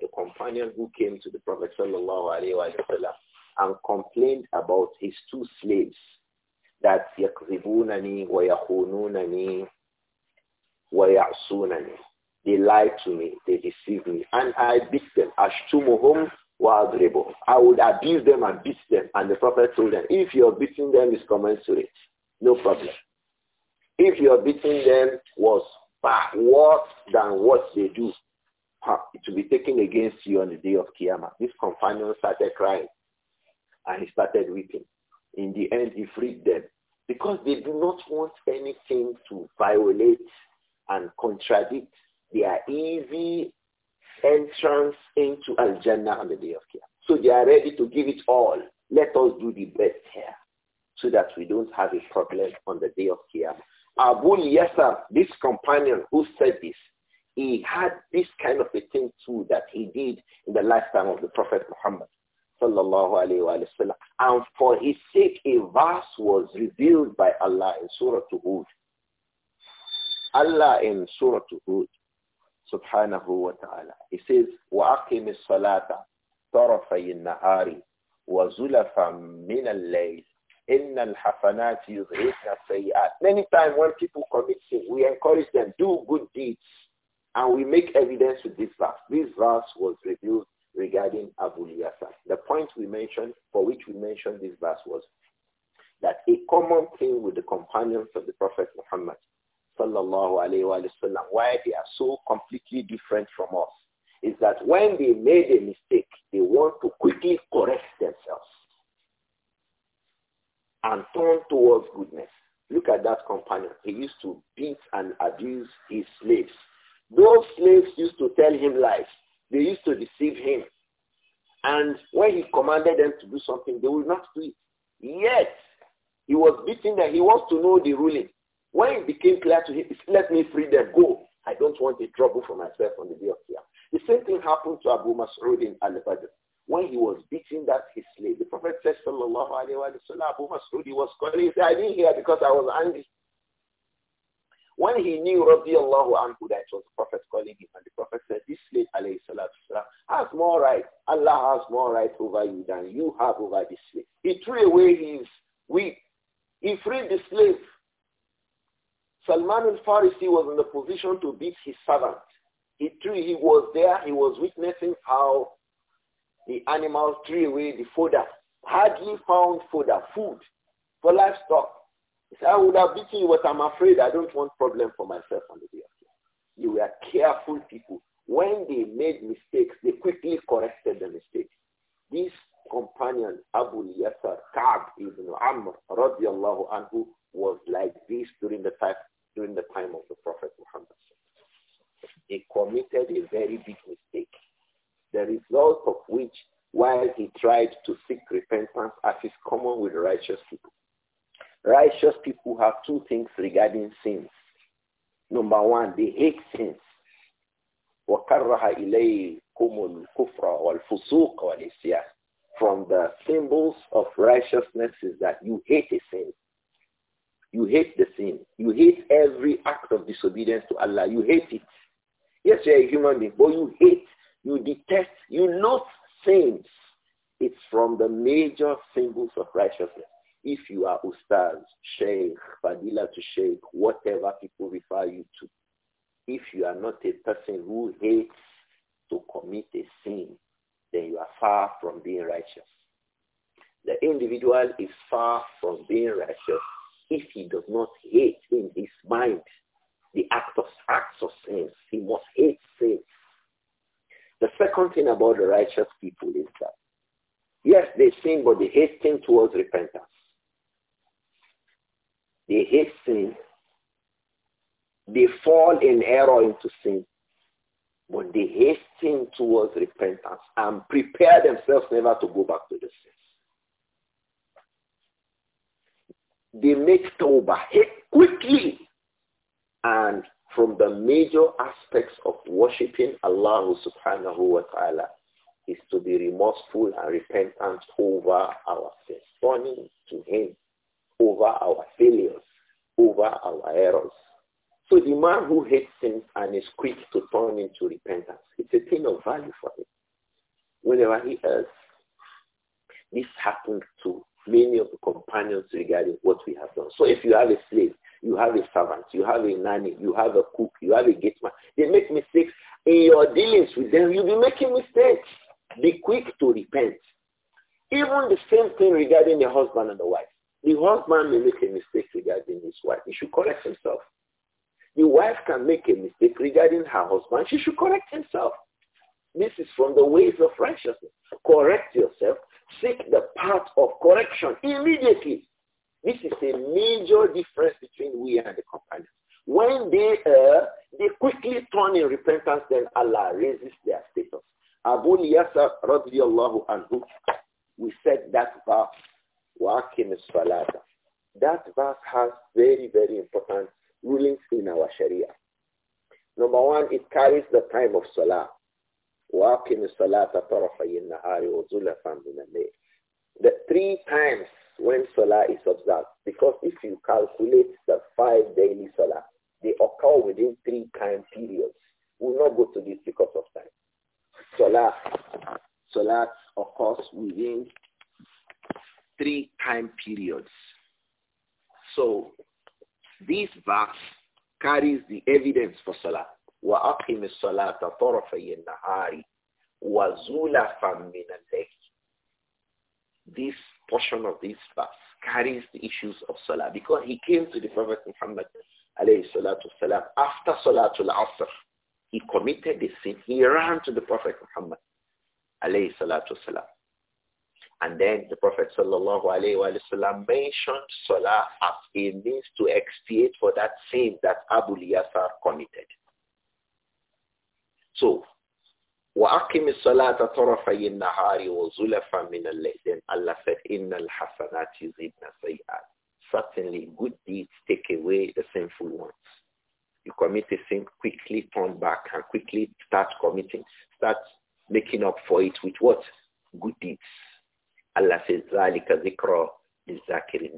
The companion who came to the Prophet sallallahu alayhi wa and complained about his two slaves that يَكْذِبُونَنِي وَيَخُونُونَنِي وَيَعْصُونَنِي They lied to me, they deceived me, and I beat them. Ashtumuhum. وَأَضْرِبُ I would abuse them and beat them. And the Prophet told them, if you're beating them is commensurate, no problem. If you're beating them was far worse than what they do, it will be taken against you on the day of Qiyamah. This companion started crying and he started weeping. In the end, he freed them because they do not want anything to violate and contradict their easy entrance into Al-Jannah on the day of Qiyamah. So they are ready to give it all. Let us do the best here so that we don't have a problem on the day of Qiyamah. Abu Yasar, this companion who said this, he had this kind of a thing too that he did in the lifetime of the Prophet Muhammad. Sallallahu alayhi wa And for his sake, a verse was revealed by Allah in Surah Hud. Allah in Surah Hud subhanahu wa ta'ala. He says, وَأَقِمِ الصَّلَاةَ طَرَفَيِ النَّهَارِ وَزُلَفًا مِنَ اللَّيْلِ إِنَّ الْحَفَنَاتِ يُذْهِبْنَ السَّيِّئَاتِ Many times when people commit sin, we encourage them, do good deeds. And we make evidence with this verse. This verse was revealed regarding Abu Yasar. The point we mentioned, for which we mentioned this verse was that a common thing with the companions of the Prophet Muhammad sallallahu alayhi wa sallam, why they are so completely different from us is that when they made a mistake, they want to quickly correct themselves and turn towards goodness. Look at that companion. He used to beat and abuse his slaves. Those slaves used to tell him lies. They used to deceive him. And when he commanded them to do something, they would not do it. Yet, he was beating them. He wants to know the ruling. When it became clear to him, he said, let me free them, go. I don't want the trouble for myself on the day of fear. The same thing happened to Abu Mas'ud in al When he was beating that his slave, the Prophet said, sallallahu alayhi wa sallam, Abu Mas'ud, he was calling, he said, I didn't hear because I was angry. When he knew, radiallahu anhu, that it was the Prophet calling him, and the Prophet said, this slave, alayhi salatu has more right. Allah has more right over you than you have over this slave. He threw away his whip. He freed the slave. Salman al-Farisi was in the position to beat his servant. He threw, he was there, he was witnessing how the animals threw away the fodder. Hardly found fodder, food for livestock. He said, I would have beaten you, but I'm afraid I don't want problem for myself on the day of judgment. You were careful people. When they made mistakes, they quickly corrected the mistakes. This companion, Abu Yasar Ka'b ibn Amr, radiallahu anhu, was like this during the time during the time of the Prophet Muhammad. He committed a very big mistake, the result of which, while he tried to seek repentance, as is common with righteous people, righteous people have two things regarding sins. Number one, they hate sins. وَكَرَّهَ إِلَيْكُمُ الْكُفْرَ وَالْفُسُوقَ وَالْإِسْيَانَ From the symbols of righteousness is that you hate a sin. You hate the sin. You hate every act of disobedience to Allah. You hate it. Yes, you're a human being, but you hate, you detest, you loathe sins. It's from the major symbols of righteousness. If you are ustaz, sheikh, fadila to sheikh, whatever people refer you to, if you are not a person who hates to commit a sin, then you are far from being righteous. The individual is far from being righteous if he does not hate in his mind the act of acts of sins, he must hate sins. The second thing about the righteous people is that, yes, they sin, but they hate sin towards repentance. They hate sin. They fall in error into sin, but they hasten towards repentance and prepare themselves never to go back to the sin. they make hit quickly. And from the major aspects of worshipping Allah subhanahu wa ta'ala is to be remorseful and repentant over our sins, turning to him over our failures, over our errors. So the man who hates sins and is quick to turn into repentance, it's a thing of value for him. Whenever he errs, this happened to many of the companions regarding what we have done. So if you have a slave, you have a servant, you have a nanny, you have a cook, you have a gateman, they make mistakes. In your dealings with them, you'll be making mistakes. Be quick to repent. Even the same thing regarding the husband and the wife. The husband may make a mistake regarding his wife. He should correct himself. The wife can make a mistake regarding her husband. She should correct himself. This is from the ways of righteousness. Correct yourself seek the path of correction immediately. This is a major difference between we and the companions. When they err, uh, they quickly turn in repentance, then Allah raises their status. Abu Yasar radiallahu anhu, we said that verse, Waqim salata. That verse has very, very important rulings in our Sharia. Number one, it carries the time of Salah. وَأَقِمِ الصَّلَاةَ طَرَفَيِ النَّهَارِ وَزُلَفًا مِنَ اللَّيْلِ The three times when Salah is observed, because if you calculate the five daily Salah, they occur within three time periods. We will not go to this because of time. Salah, Salah occurs within three time periods. So this verse carries the evidence for Salah. وأقم الصلاة طرفي النهار وزلفا من الليل This portion of this verse carries the issues of salah because he came to the Prophet Muhammad alayhi after salam after salatul asr. He committed the sin. He ran to the Prophet Muhammad alayhi And then the Prophet sallallahu alayhi mentioned salah as a means to expiate for that sin that Abu Yasar committed. So, وَأَقِمِ الصَّلَاةَ طَرَفَيِ النَّهَارِ وَزُلَفًا مِنَ اللَّيْلِ Then Allah said, إِنَّ الْحَسَنَاتِ سَيِّئَاتِ Certainly, good deeds take away the sinful ones. You commit a sin, quickly turn back and quickly start committing, start making up for it with what? Good deeds. Allah says, ذَلِكَ ذِكْرَ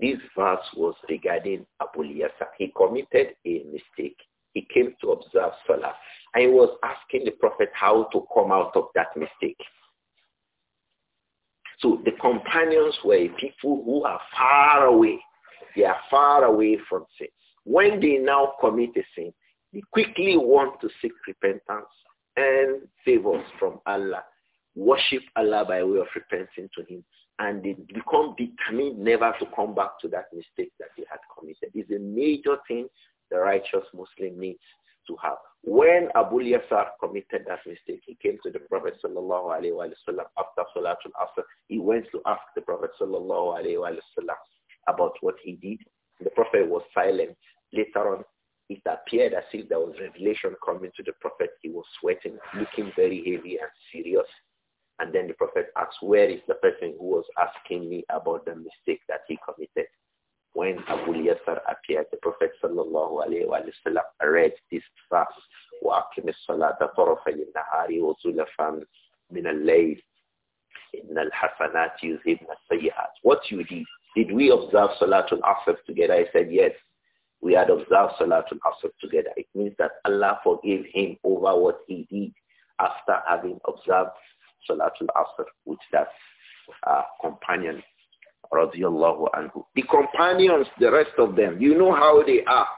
This verse was regarding Abu Yasa. He committed a mistake. He came to observe Salah. I was asking the Prophet how to come out of that mistake. So the companions were people who are far away. They are far away from sins. When they now commit a sin, they quickly want to seek repentance and favors from Allah. Worship Allah by way of repenting to him. And they become determined never to come back to that mistake that they had committed. It's a major thing the righteous Muslim needs to have. When Abu Yasar committed that mistake, he came to the Prophet sallallahu alaihi wasallam after Salatul Asr. He went to ask the Prophet sallallahu alaihi wasallam about what he did. The Prophet was silent. Later on, it appeared as if there was revelation coming to the Prophet. He was sweating, looking very heavy and serious. And then the Prophet asked, where is the person who was asking me about the mistake that he committed? when Abu Yasar appeared, the Prophet sallallahu alayhi wa sallam read this verse, وَأَقِمِ الصَّلَاةَ طَرَفَ لِلنَّهَارِ وَزُلَفًا مِنَ اللَّيْلِ إِنَّ الْحَسَنَاتِ يُذْهِبْنَ السَّيِّئَاتِ What you did, did we observe Salatul Asr together? I said, yes. We had observed Salatul Asr together. It means that Allah forgave him over what he did after having observed Salatul Asr with that uh, companion radiallahu anhu. The companions, the rest of them, you know how they are.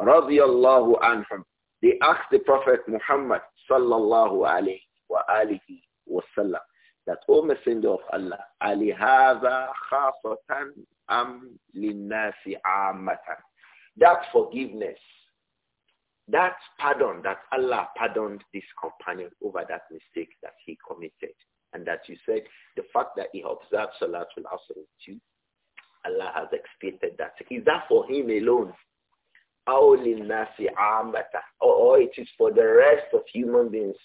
Radiallahu anhum. They asked the Prophet Muhammad sallallahu alayhi wa alihi wasallam that, O Messenger of Allah, Ali, alihada khasatan am linnasi amatan. That forgiveness, that pardon that Allah pardoned this companion over that mistake that he committed and that you said the fact that he observed Salatul Asr with you, Allah has expiated that. Is that for him alone? Or it is for the rest of human beings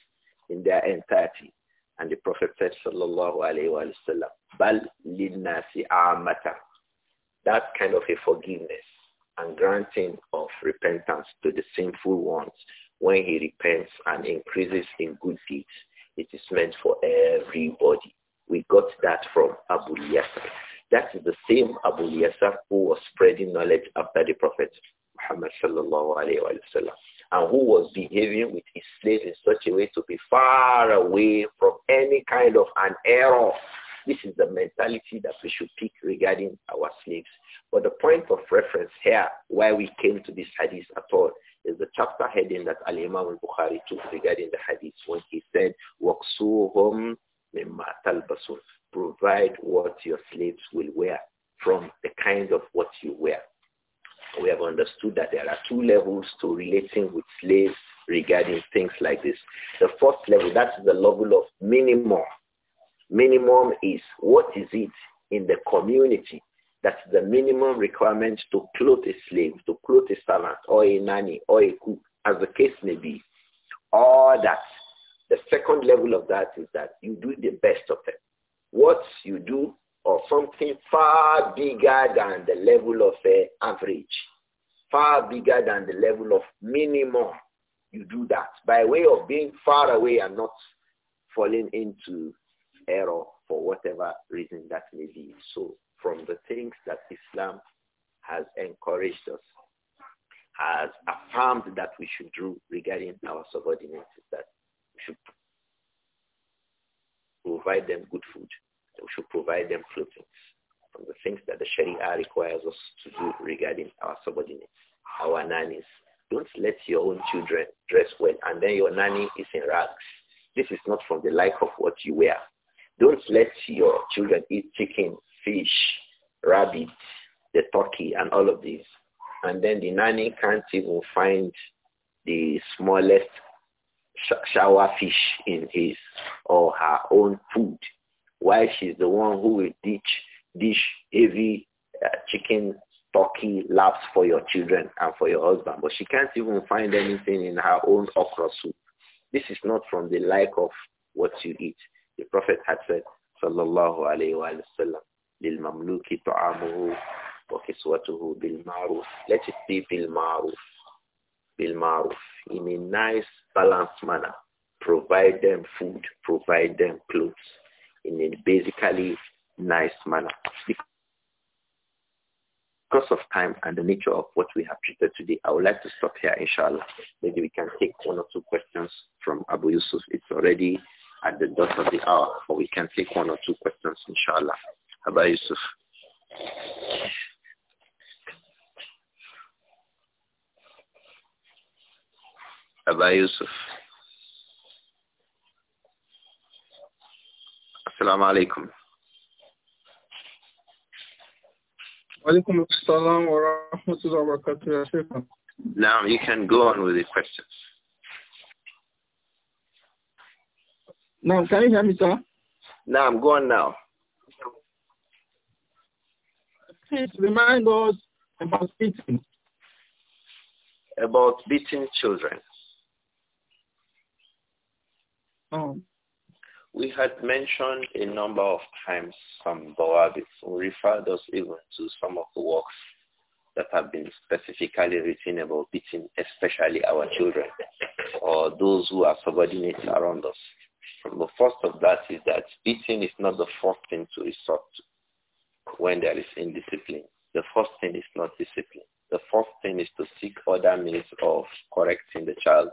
in their entirety. And the Prophet said, Sallallahu Alaihi Wasallam, Bal linnasi amata. That kind of a forgiveness and granting of repentance to the sinful ones when he repents and increases in good deeds it is meant for everybody. We got that from Abu Yasar. That is the same Abu Yasar who was spreading knowledge after the Prophet Muhammad sallallahu alayhi wa sallam and who was behaving with his slaves in such a way to be far away from any kind of an error this is the mentality that we should pick regarding our slaves. But the point of reference here, why we came to this hadith at all, is the chapter heading that Al-Imam al-Bukhari took regarding the hadith when he said, وَقْسُوهُمْ مِمَّا talbasun." Provide what your slaves will wear from the kind of what you wear. We have understood that there are two levels to relating with slaves regarding things like this. The first level, that's the level of minimum Minimum is what is it in the community that's the minimum requirement to clothe a slave, to clothe a servant, or a nanny, or a cook, as the case may be. Or that the second level of that is that you do the best of it. What you do or something far bigger than the level of uh, average, far bigger than the level of minimum. You do that by way of being far away and not falling into error for whatever reason that may be. So from the things that Islam has encouraged us, has affirmed that we should do regarding our subordinates is that we should provide them good food, we should provide them clothing. From the things that the Sharia requires us to do regarding our subordinates, our nannies. Don't let your own children dress well and then your nanny is in rags. This is not from the like of what you wear. Don't let your children eat chicken, fish, rabbit, the turkey, and all of these. And then the nanny can't even find the smallest shower fish in his or her own food. While she's the one who will dish dish heavy uh, chicken turkey laps for your children and for your husband, but she can't even find anything in her own okra soup. This is not from the like of what you eat. The Prophet had said, sallallahu alayhi wa sallam, لِلْمَمْلُوكِ طَعَامُهُ وَكِسْوَتُهُ بِالْمَعْرُوفِ Let it be bil-ma'ruf. Bil-ma'ruf. In a nice, balanced manner. Provide them food, provide them clothes. In a basically nice manner. Because of time and the nature of what we have treated today, I would like to stop here, inshallah. Maybe we can take one or two questions from Abu Yusuf. It's already at the dot of the hour, or we can take one or two questions, inshallah. How about Yusuf? Abba Yusuf. Assalamu alaikum. Alaikum assalam wa rahmatullahi wa barakatuh. Now you can go on with the questions. Now, can you hear me, sir? Now, I'm going now. Please remind us about beating. About beating children. Oh. We had mentioned a number of times some Bawabis who referred us even to some of the works that have been specifically written about beating, especially our children or those who are subordinates around us the first of that is that eating is not the first thing to resort to when there is indiscipline. The first thing is not discipline. The first thing is to seek other means of correcting the child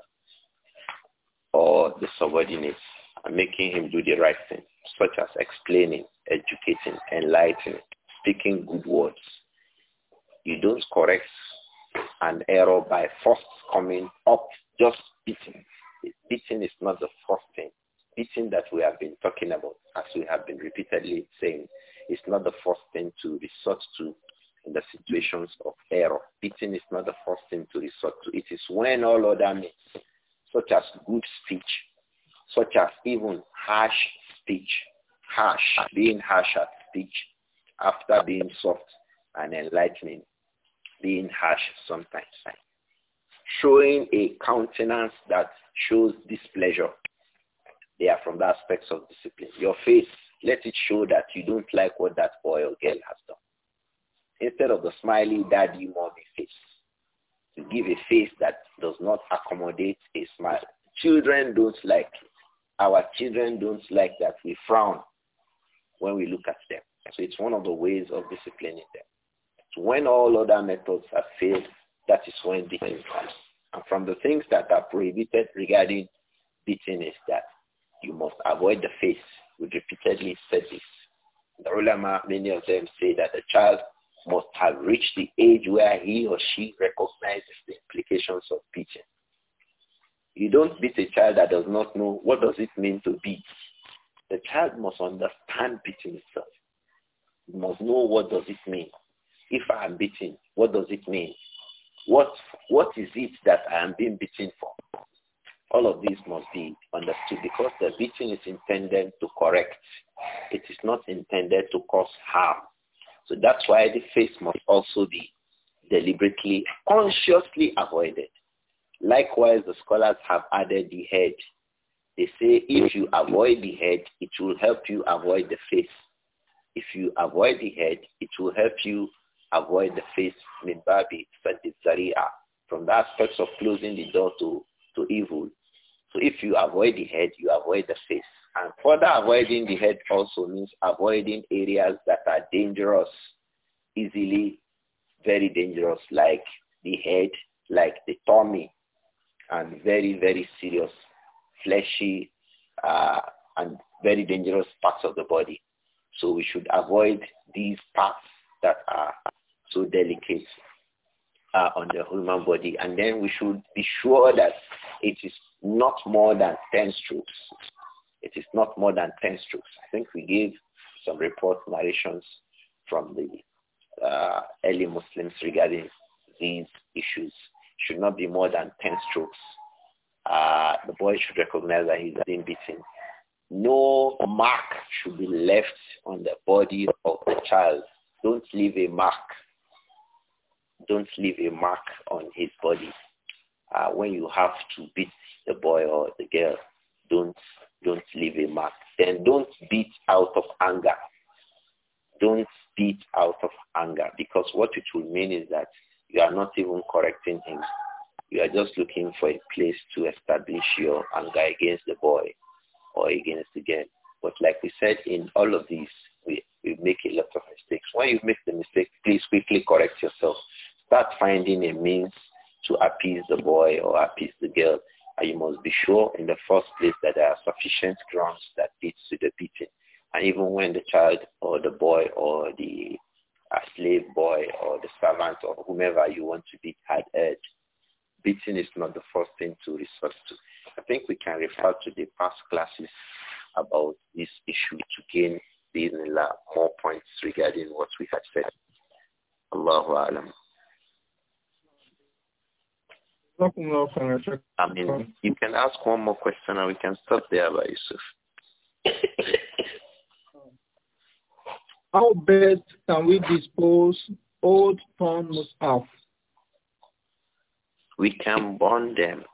or the subordinates and making him do the right thing, such as explaining, educating, enlightening, speaking good words. You don't correct an error by first coming up just beating. Beating is not the first thing teaching that we have been talking about, as we have been repeatedly saying, is not the first thing to resort to in the situations of error. Beating is not the first thing to resort to. It is when all other means, such as good speech, such as even harsh speech, harsh, being harsh at speech, after being soft and enlightening, being harsh sometimes, showing a countenance that shows displeasure they are from the aspects of discipline. Your face, let it show that you don't like what that boy or girl has done. Instead of the smiley daddy mommy face, to give a face that does not accommodate a smile. Children don't like it. Our children don't like that we frown when we look at them. So it's one of the ways of disciplining them. So when all other methods have failed, that is when beating comes. And from the things that are prohibited regarding beating is that you must avoid the face. We repeatedly said this. The ulama, many of them say that the child must have reached the age where he or she recognizes the implications of beating. You don't beat a child that does not know what does it mean to beat. The child must understand beating itself. He must know what does it mean. If I am beaten, what does it mean? What what is it that I am being beaten for? All of these must be understood because the beating is intended to correct. It is not intended to cause harm. So that's why the face must also be deliberately, consciously avoided. Likewise, the scholars have added the head. They say if you avoid the head, it will help you avoid the face. If you avoid the head, it will help you avoid the face, from the aspects of closing the door to, to evil so if you avoid the head, you avoid the face. And further avoiding the head also means avoiding areas that are dangerous, easily very dangerous, like the head, like the tummy, and very, very serious, fleshy, uh, and very dangerous parts of the body. So we should avoid these parts that are so delicate uh, on the human body. And then we should be sure that it is not more than 10 strokes. It is not more than 10 strokes. I think we gave some report narrations from the uh, early Muslims regarding these issues. Should not be more than 10 strokes. Uh, the boy should recognize that he's been beaten. No mark should be left on the body of the child. Don't leave a mark. Don't leave a mark on his body uh, when you have to beat the boy or the girl, don't don't leave a mark. Then don't beat out of anger. Don't beat out of anger because what it will mean is that you are not even correcting him. You are just looking for a place to establish your anger against the boy or against the girl. But like we said, in all of these, we, we make a lot of mistakes. When you make the mistake, please quickly correct yourself. Start finding a means to appease the boy or appease the girl. And you must be sure in the first place that there are sufficient grounds that leads to the beating. And even when the child or the boy or the slave boy or the servant or whomever you want to beat had hurt, beating is not the first thing to resort to. I think we can refer to the past classes about this issue to gain more points regarding what we have said. Allahu Alam. I mean, you can ask one more question and we can stop there, by Yusuf. (laughs) How best can we dispose old torn Mus'af? We can burn them.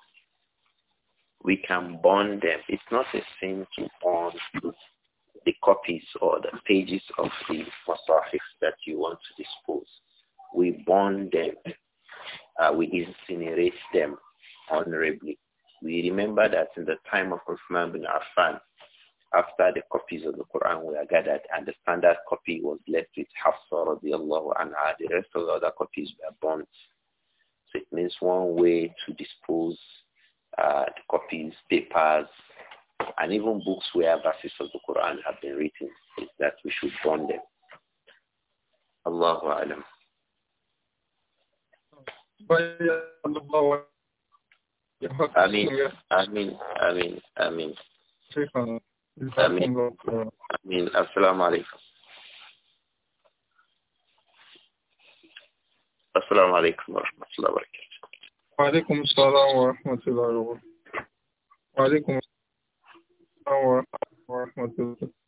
We can burn them. It's not a same to burn the copies or the pages of the Mus'af that you want to dispose. We burn them uh, we incinerate them honorably. We remember that in the time of Uthman bin Affan, after the copies of the Quran were gathered and the standard copy was left with Hafsa radiallahu anha, the rest of the other copies were burnt. So it means one way to dispose uh, the copies, papers, and even books where verses of the Quran have been written is that we should burn them. Allahu Alam. آمين آمين آمين آمين آمين آمين السلام عليكم السلام عليكم ورحمة الله وبركاته وعليكم السلام ورحمة الله وبركاته وعليكم السلام ورحمة الله وبركاته